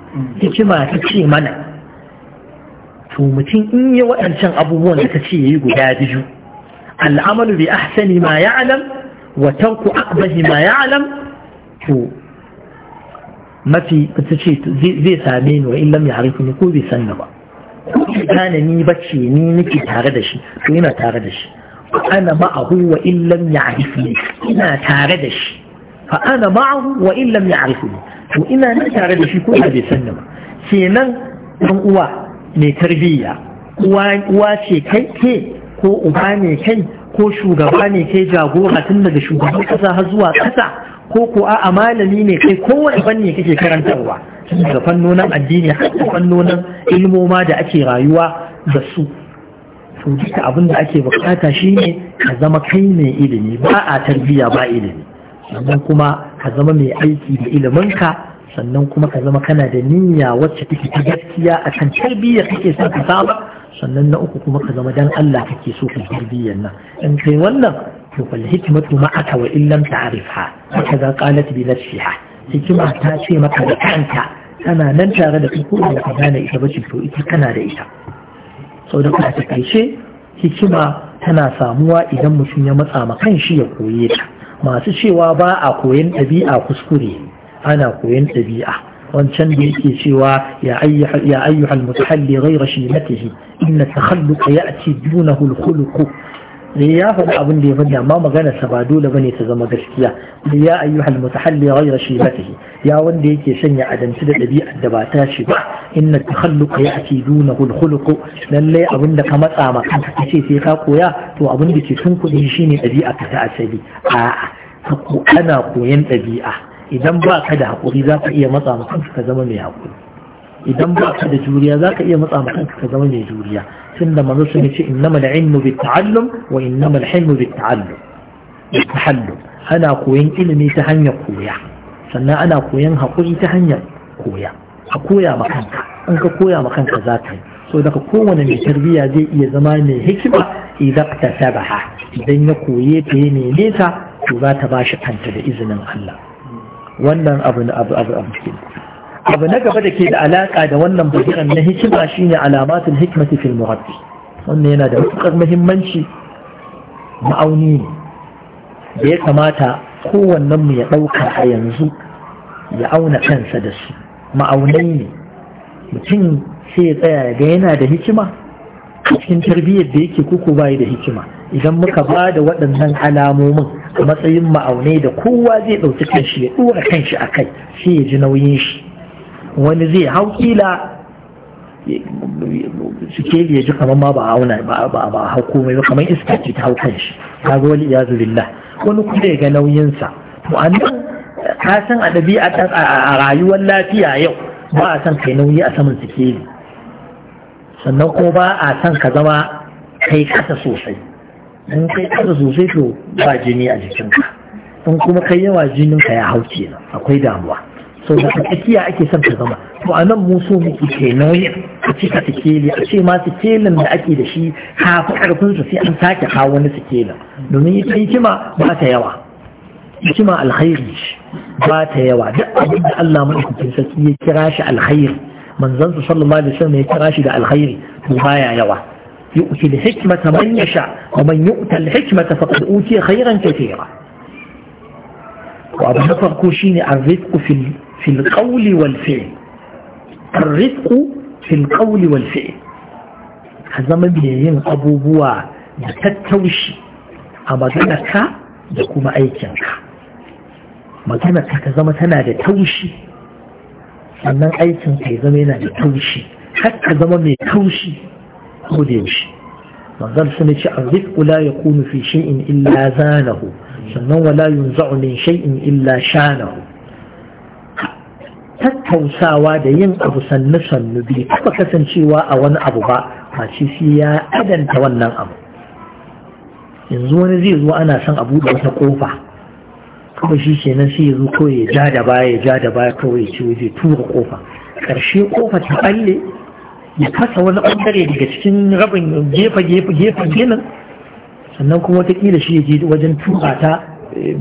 هكما تشي منع ثمتين إني وأنشان أبوان تشي يقدادجو العمل بأحسن ما يعلم وترك أقبح ما يعلم ما في تشيت زي سامين وإن لم يعرفني كو ذي سنبا كان ني بشي ني نكي تاردشي كو إما أنا معه وإن لم يعرفني أنا تاردشي fa ana ma'ahu wa in lam to ina nan tare da shi ko da bai sanni ba kenan dan uwa mai tarbiyya uwa ce kai ke ko uba kai ko shugaba ne kai jagora tun daga shugaban kasa har zuwa kasa ko ko a malami ne kai kowane fanni kake karantarwa daga fannonin addini har da fannonin ilmoma da ake rayuwa da su to duka abin da ake bukata shine ka zama kai mai ilimi ba a tarbiyya ba ilimi sannan kuma ka zama mai aiki da iliminka sannan kuma ka zama kana da niyya wacce take ta gaskiya a kan tarbiyya kake son ka saba sannan na uku kuma ka zama dan Allah kake so ka tarbiyyar nan in kai wannan to fal hikmatu ma'aka wa illam ta'rifha kaza qalat bi nafsiha hikima ta ce maka da kanta tana nan tare da kai ko da ka gane ita bace to ita kana da ita sau da kuma ta hikima tana samuwa idan mutum ya matsa ma kan shi ya koye ta masu cewa ba a koyan ɗabi'a kuskure ana koyan ɗabi'a wancan da yake cewa ya ayyuhal mutahalli ghayra shimatihi inna takhalluqa ya'ti dunahu al-khuluq ya faɗi abin da ya faɗi amma magana sa ba dole bane ta zama gaskiya ya ayyuhal mutahalli ghayra shibatihi ya wanda yake sanya adanci da ɗabi'ar da ba ta shi ba inna takhalluqa ya'ti dunahu al-khuluq lalle abin da ka matsa ma kanka kace sai ka koya to abin da ke tun kuɗi shine ka ta asali a'a ana koyan ɗabi'a idan ba ka da hakuri za ka iya matsa ma kanka ka zama mai hakuri. idan ba ka da juriya za ka iya matsa ma kanka ka zama mai juriya tun da manzo sun ce innama al-ilmu bit ta'allum wa innama al-hilmu bit ta'allum tahallum ana koyan ilimi ta hanyar koya sannan ana koyan hakuri ta hanyar koya a koya ma kanka ka koya ma kanka za ka yi so daga kowane mai tarbiyya zai iya zama mai hikima idan ta sabaha idan ya koye ta ya neme ta to za ta ba shi kanta da izinin Allah wannan abu na abu abu abu abu na gaba da ke da alaƙa da wannan bagiran na hikima shine alamatul hikmati fil muhabbi wannan yana da matuƙar muhimmanci ma'auni ne da ya kamata kowannen mu ya ɗauka a yanzu ya auna kansa da su ma'aunai ne mutum sai ya tsaya ga yana da hikima cikin tarbiyyar da yake kuku bayi da hikima idan muka ba da waɗannan alamomin a matsayin ma'aunai da kowa zai ɗauki kanshi ya ɗora kanshi a kai sai ya ji nauyin shi wani zai hau kila sikeli ya ji kamar ma ba a hau komai ba kamar iska ce ta hau kan shi ta zo wani iyazu billah wani kuma ya ga nauyinsa to a nan ka san a ɗabi'a a rayuwar lafiya yau ba a san kai nauyi a saman sikeli sannan ko ba a san ka zama kai kasa sosai in kai kasa sosai to ba jini a jikinka in kuma kai yawa jinin ka ya hau kenan akwai damuwa Sau da tsakiya ake son ta zama to a nan mu so muke ke a cika sikeli a ce ma sikelin da ake da shi hafi karfin su sai an sake kawo wani sikelin domin ita hikima ba ta yawa hikima alkhairi ba ta yawa duk abin da Allah madaukakin sarki ya kira shi alkhairi manzon su sallallahu alaihi wasallam ya kira shi da alkhairi to baya yawa yu'ti al-hikmata man yasha wa man yu'ta al-hikmata faqad utiya khairan katira وأبو بكر كوشيني الرزق في في القول والفعل الرفق في القول والفعل هذا ما بيين أبو بوا يتتوشي أما ذلك يقوم أيكيانك maganarka ka zama tana da taushi sannan aikin ka zama yana da taushi har ka zama mai taushi ko da yaushe manzon sun ce arzik la yakunu fi shay'in illa zanahu sannan wala yunza'u min shay'in illa shanahu tattausawa da yin abu sannu sannu bai taba kasancewa a wani abu ba face shi ya adanta wannan abu yanzu wani zai zo ana son abu da wata kofa kuma shi kenan sai ya zo kawai ya ja da baya ya ja da baya kawai ya ce zai tura kofa ƙarshe kofa ta balle ya kasa wani ɓangare daga cikin rabin gefe gefe gefen ginin sannan kuma watakila shi ya je wajen tura ta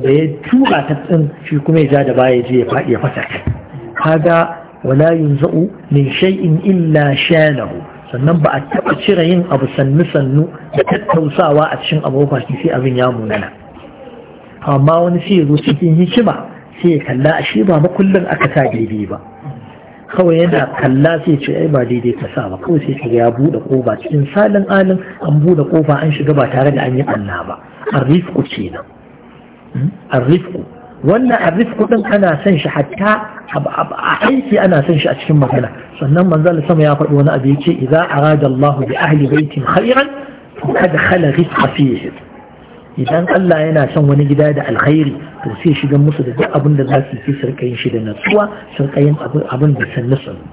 bai tura ta ɗin shi kuma ya ja da baya ya je ya faɗi ya fasa kaga wala yunza'u min shay'in illa shanahu sannan ba a taɓa cire yin abu sannu-sannu da tattausawa a cikin abokaci sai abin ya munana amma wani sai ya zo cikin hikima sai ya kalla a shi ba makullin aka sa daidai ba kawai yana kalla sai ce ai ba daidai ka sa ba kawai sai shiga ya buɗe ƙofa cikin salin alin an buɗe ƙofa an shiga ba tare da an yi ɓanna ba arrifku kenan arrifku wannan arifku kudin ana son shi hatta a aiki ana son shi a cikin magana sannan manzon sama ya faɗi wani abu yace idza arada Allah bi ahli baitin khairan adkhala rizqa fihi idan Allah yana son wani gida da alkhairi to sai shiga musu da duk abin da za su yi su yin shi da natsuwa su yin abin da sannu sannu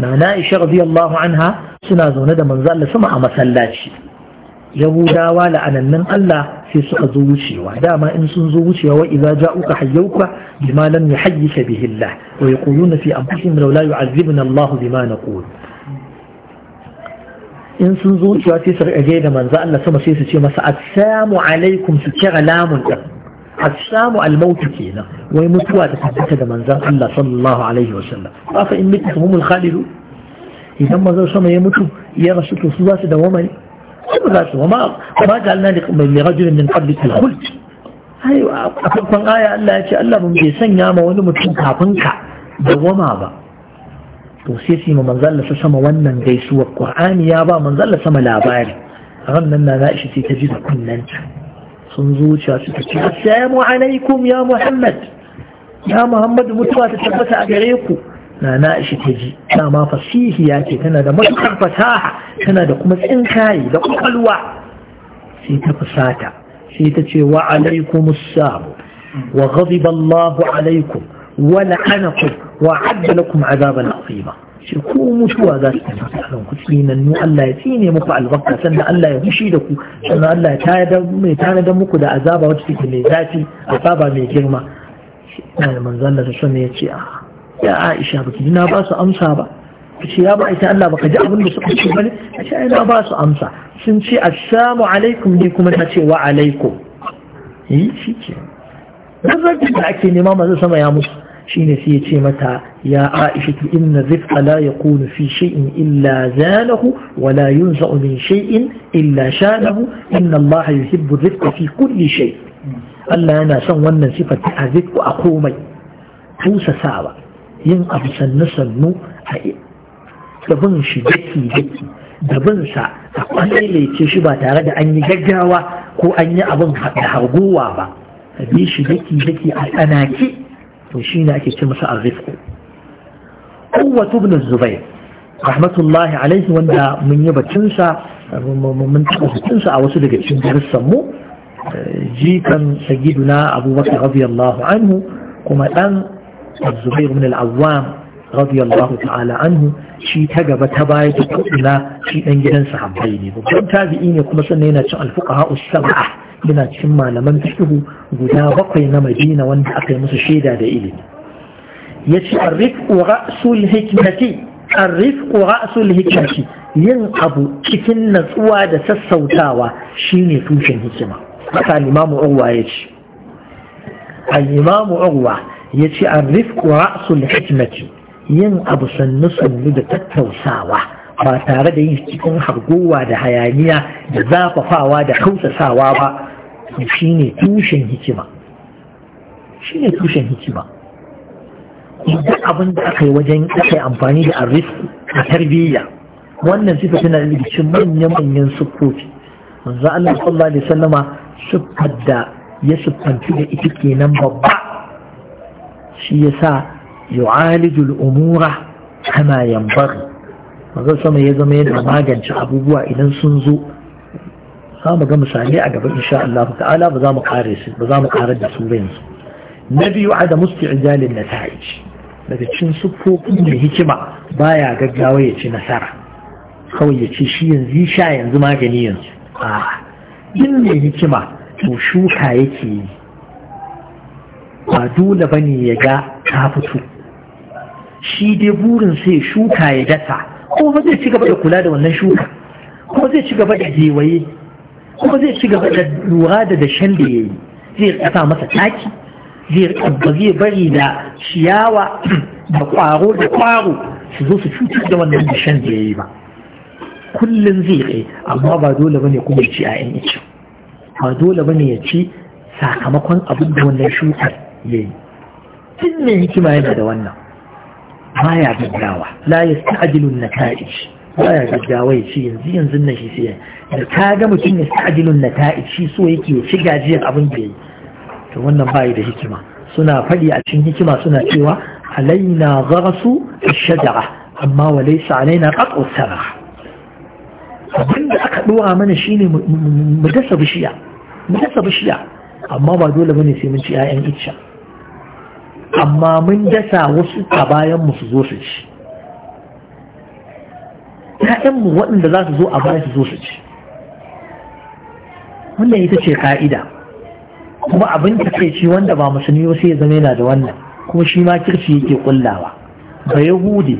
na na Aisha radiyallahu anha suna zaune da manzon sama a masallaci yahudawa la'anannin Allah sai suka zo wucewa dama in sun zo wucewa wa idza ja'uka hayyuka bima lam yuhayyika bihi Allah wa yaquluna fi anfusihim law la yu'azzibuna Allah bima naqul in sun zo wucewa sai su rage da manzo Allah sama sai su ce masa assalamu alaikum su kira lamun din assalamu al-maut kenan wai mutuwa ta tabbata da manzon Allah sallallahu alaihi wasallam fa in mitu humul khalidu idan manzo sama ya mutu ya rasu to su za su dawoma ne كل أيوة، ذات وما وما جعلنا لرجل من قبلك الخلد أيوة أفضل آية الله يا الله من دي سنة ولم تكن كافنك دوما با توسيسي من ظل سسما ونن دي سوى القرآن يا با من ظل سما لا بار غنى النمائش في تجد كل ننت سنزوت شاسو السلام عليكم يا محمد يا محمد متوا تتبت أغريكم na na ta ji dama fasihi ya ce tana da matuƙar fasaha tana da kuma tsinkaye da ƙwaƙwalwa sai ta fusata sai ta ce wa alaikum sabu wa ghadiba Allahu alaikum wa la'anakum wa adda azaban azima shi ko mutuwa za su tafi akan ku tsinannu Allah ya tsine muku albarka sannan Allah ya bushi da ku sannan Allah ya tayar mai tanadar muku da azaba wacce take mai zafi azaba mai girma sai manzon da sun ya ce a ya aisha ba ki na ba su amsa ba ku ce ya ba Allah ba ka ji abin da suka ce ba ne a ce na ba su amsa sun ce assalamu alaikum ne kuma ta ce wa alaikum yi shi ke nazarci da ake nema masu sama ya musu shine sai ya ce mata ya aisha ki inna zifqa la yakunu fi shiin illa zanahu wa la yunza'u min shay'in illa shanahu inna Allah yuhibbu zifqa fi kulli shai. Allah yana son wannan sifar a zifqa a komai tusa sawa yin abu sannu sannu a shi daki daki da a kwalaice shi ba tare da an yi gaggawa ko an yi abin harguwa ba a bi shi daki daki a tsanaki to shi ne ake ce masa arziku Kowace ابن zubai rahmatullahi alaihi wanda mun yi bacinsa mun taɓa bacinsa a wasu daga cikin darussan mu eh, jikan sagiduna abubakar radiyallahu anhu kuma dan الزبير بن العوام رضي الله تعالى عنه shi ta gaba ta baya ta kuɗina shi ɗan gidan sahabbai ne babban tabi'i ne kuma sannan yana cin alfuqaha us-sab'a yana cikin malaman fiqh guda bakwai na Madina wanda aka yi musu shaida da ilimi yace ar-rifqu ra'sul hikmati ar-rifqu ra'sul hikmati yin abu cikin natsuwa da sassautawa shine tushen hikima haka al-imamu Urwa yace al Urwa ya ce a rifku ra'asul hikmati yin abu sannu sannu da tattausawa ba tare da yin cikin hargowa da hayaniya da zafafawa da kausasawa ba shi ne tushen hikima shi ne tushen hikima idan abin da aka yi wajen aka yi amfani da arrisku a tarbiyya wannan sifa tana da cikin manya-manyan siffofi manzo Allah sallallahu alaihi wasallama siffar da ya siffanci da ita kenan babba shi yasa yu'alijul umura kama yambar. maza sama ya zama yana magance abubuwa idan sun zo za mu ga misali a gaba insha Allah ta'ala ba za mu kare su ba za mu kare da su yanzu na biyu ada musti'jalin nata'ij daga cin sufofin da hikima baya gaggawa ya ci nasara kawai ya ci shi yanzu sha yanzu magani yanzu a in mai hikima to shuka yake yi ba dole ba ne ya ga ta fito shi dai burin sai shuka ya dasa kuma zai ci gaba da kula da wannan shuka kuma zai ci gaba da gewaye kuma zai ci gaba da lura da dashen da ya yi zai rika masa taki zai ba zai bari da ciyawa da kwaro da kwaro su zo su cutar da wannan dashen da ya yi ba kullum zai kai amma ba dole ba ne kuma ya ci 'ya'yan ice ba dole ba ne ya ci sakamakon abin da wannan shukar yayi tun mai hikima yana da wannan ba ya gaggawa la na an ba ya gaggawa ya ce yanzu yanzu na shi sai da ka ga mutum ya sta'jilun nata'ij shi so yake ya ci gajiyar abin da yayi to wannan bai da hikima suna faɗi a cikin hikima suna cewa alaina gharasu ash-shajara amma wa laysa alaina qat'u sarah abin da aka ɗora mana shine mu dasa bishiya mu dasa bishiya amma ba dole bane sai mun ci 'ya'yan icca amma mun dasa wasu a bayan su zo su ci ‘ya'yanmu waɗanda za su zo a bayan su zo su ci wannan ita ce ka'ida kuma abin ta ke ci wanda ba musulmi wasu ya zama yana da wannan kuma shi ma kirci yake kullawa ba yahudi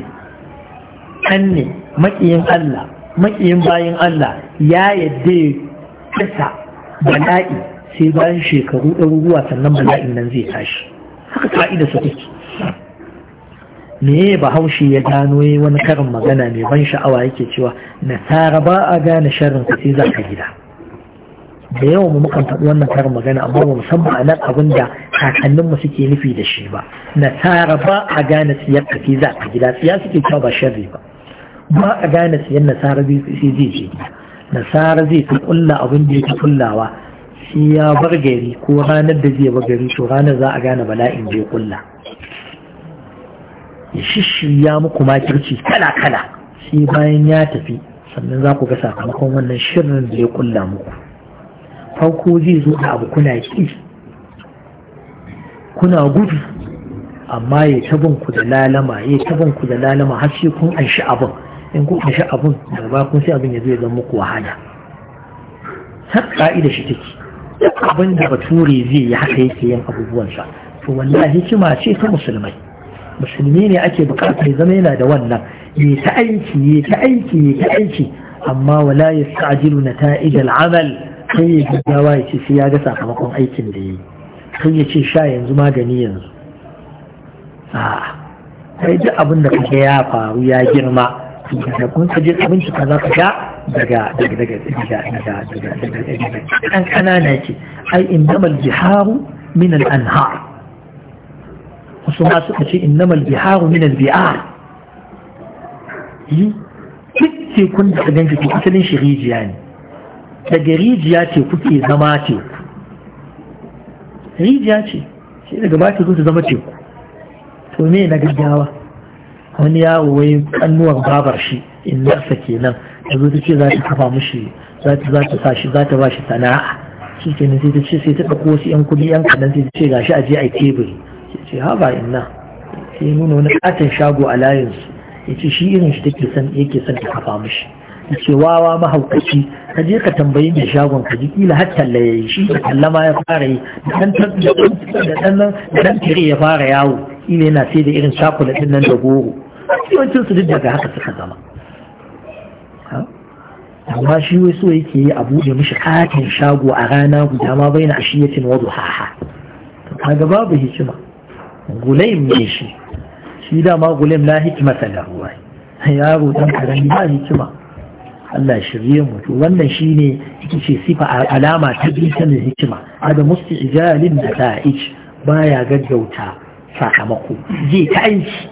ɗan ne maƙiyin allah maƙiyin bayan allah ya yadda ya kasa bala'i sai bayan shekaru ɗaruruwa sannan bala'in nan zai tashi haka ka'ida su take me bahaushe ya gano ya wani karin magana mai ban sha'awa yake cewa nasara ba a gane sharrin ku sai za ka gida da yawa mu mukan faɗi wannan karin magana amma ba musamman a nan abin da kakanninmu suke nufi da shi ba nasara ba a gane siyar ka sai za ka gida siya suke cewa ba sharri ba ba a gane siyar nasara sai zai je nasara zai fi kulla abin da yake kullawa shi ya bar gari ko ranar da zai bar gari to ranar za a gane bala'in je kulla ya shishiya ya muku makirci kala kala sai bayan ya tafi sannan za ku ga sakamakon wannan shirin da ya kulla muku farko zai zo da abu kuna ki kuna gudu amma ya tabin ku da lalama ya tabin ku da lalama har sai kun anshi abin in kun shi abin da ba kun sai abin ya zo ya zama muku wahala har ka'ida shi take duk abin da bature zai yi haka yake yin abubuwansa to wallahi hikima ce ta musulmai musulmi ne ake bukatar ya zama yana da wannan ya ta aiki ya ta aiki ya ta aiki amma wala ya sa'ajiru na ta'ijal amal sai ya gaggawa ya ce sai ya ga sakamakon aikin da ya yi sai ya ce sha yanzu magani yanzu a kai duk abin da kaga ya faru ya girma da kun ka je abinci ka za ka sha daga daga daga daga daga ai innamal biharu min al-anhar wasu ma suka ce innamal biharu min al yi duk tekun da ka ganci to asalin rijiya ne daga rijiya ce kuke zama teku rijiya ce shi daga ba ta zo ta zama teku to me wani yawo wai kannuwar babar shi in kenan ta zo ta ce za ta kafa mushi za ta za ta sa shi za ta ba shi sana'a shi ke sai ta ce sai ta ɗauko wasu 'yan kuɗi 'yan kaɗan sai ta ce gashi a je a teburi Ya ce ha ba inna sai ya nuna wani katon shago a layinsu ya ce shi irin shi take son yake son ta kafa mushi ya ce wawa mahaukaci ka je ka tambayi mai shagon ka ji kila har talla ya shi da talla ma ya fara yi da ɗan tire ya fara yawo Ƙila yana sai da irin cakulat ɗin nan da goro yawancin su duk daga haka suka zama amma shi wai so yake yi a buɗe mishi katin shago a rana guda ma bai na ashiyacin wa ta kaga babu hikima gulaim ne shi shi dama gulaim ta hikimata ruwa yaro dan karami ba hikima Allah shirye mutu. wannan shine yake ce sifa alama ta biyu ta hikima ada ijalin da ba baya gaggauta sakamako je ta aiki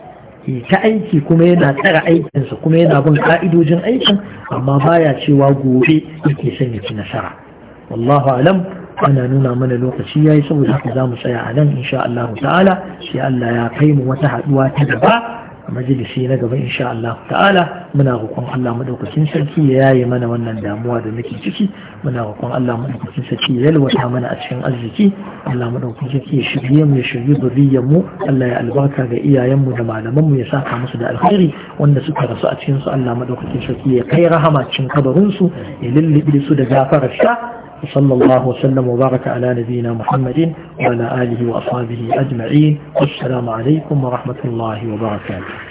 ta aiki kuma yana tsara aikinsa kuma yana bin ka'idojin aikin amma baya cewa gobe yake son ya ci nasara wallahu alam ana nuna mana lokaci yayi saboda haka za mu tsaya a nan insha Allah ta'ala sai Allah ya kai mu wata haduwa ta gaba a majalisi na gaba insha Allah ta'ala muna roƙon Allah madaukakin sarki ya yaye mana wannan damuwa da muke ciki muna roƙon Allah madaukakin sarki ya yalwata mana a cikin arziki Allah madaukakin sarki ya shirye mu ya shirye zuriyar mu Allah ya albarka ga iyayen mu da malaman mu ya saka musu da alkhairi wanda suka rasu a cikin su Allah madaukakin sarki ya kai rahama cin kabarin su ya lillibi su da gafararsa وصلى الله وسلم وبارك على نبينا محمد وعلى آله وأصحابه أجمعين والسلام عليكم ورحمة الله وبركاته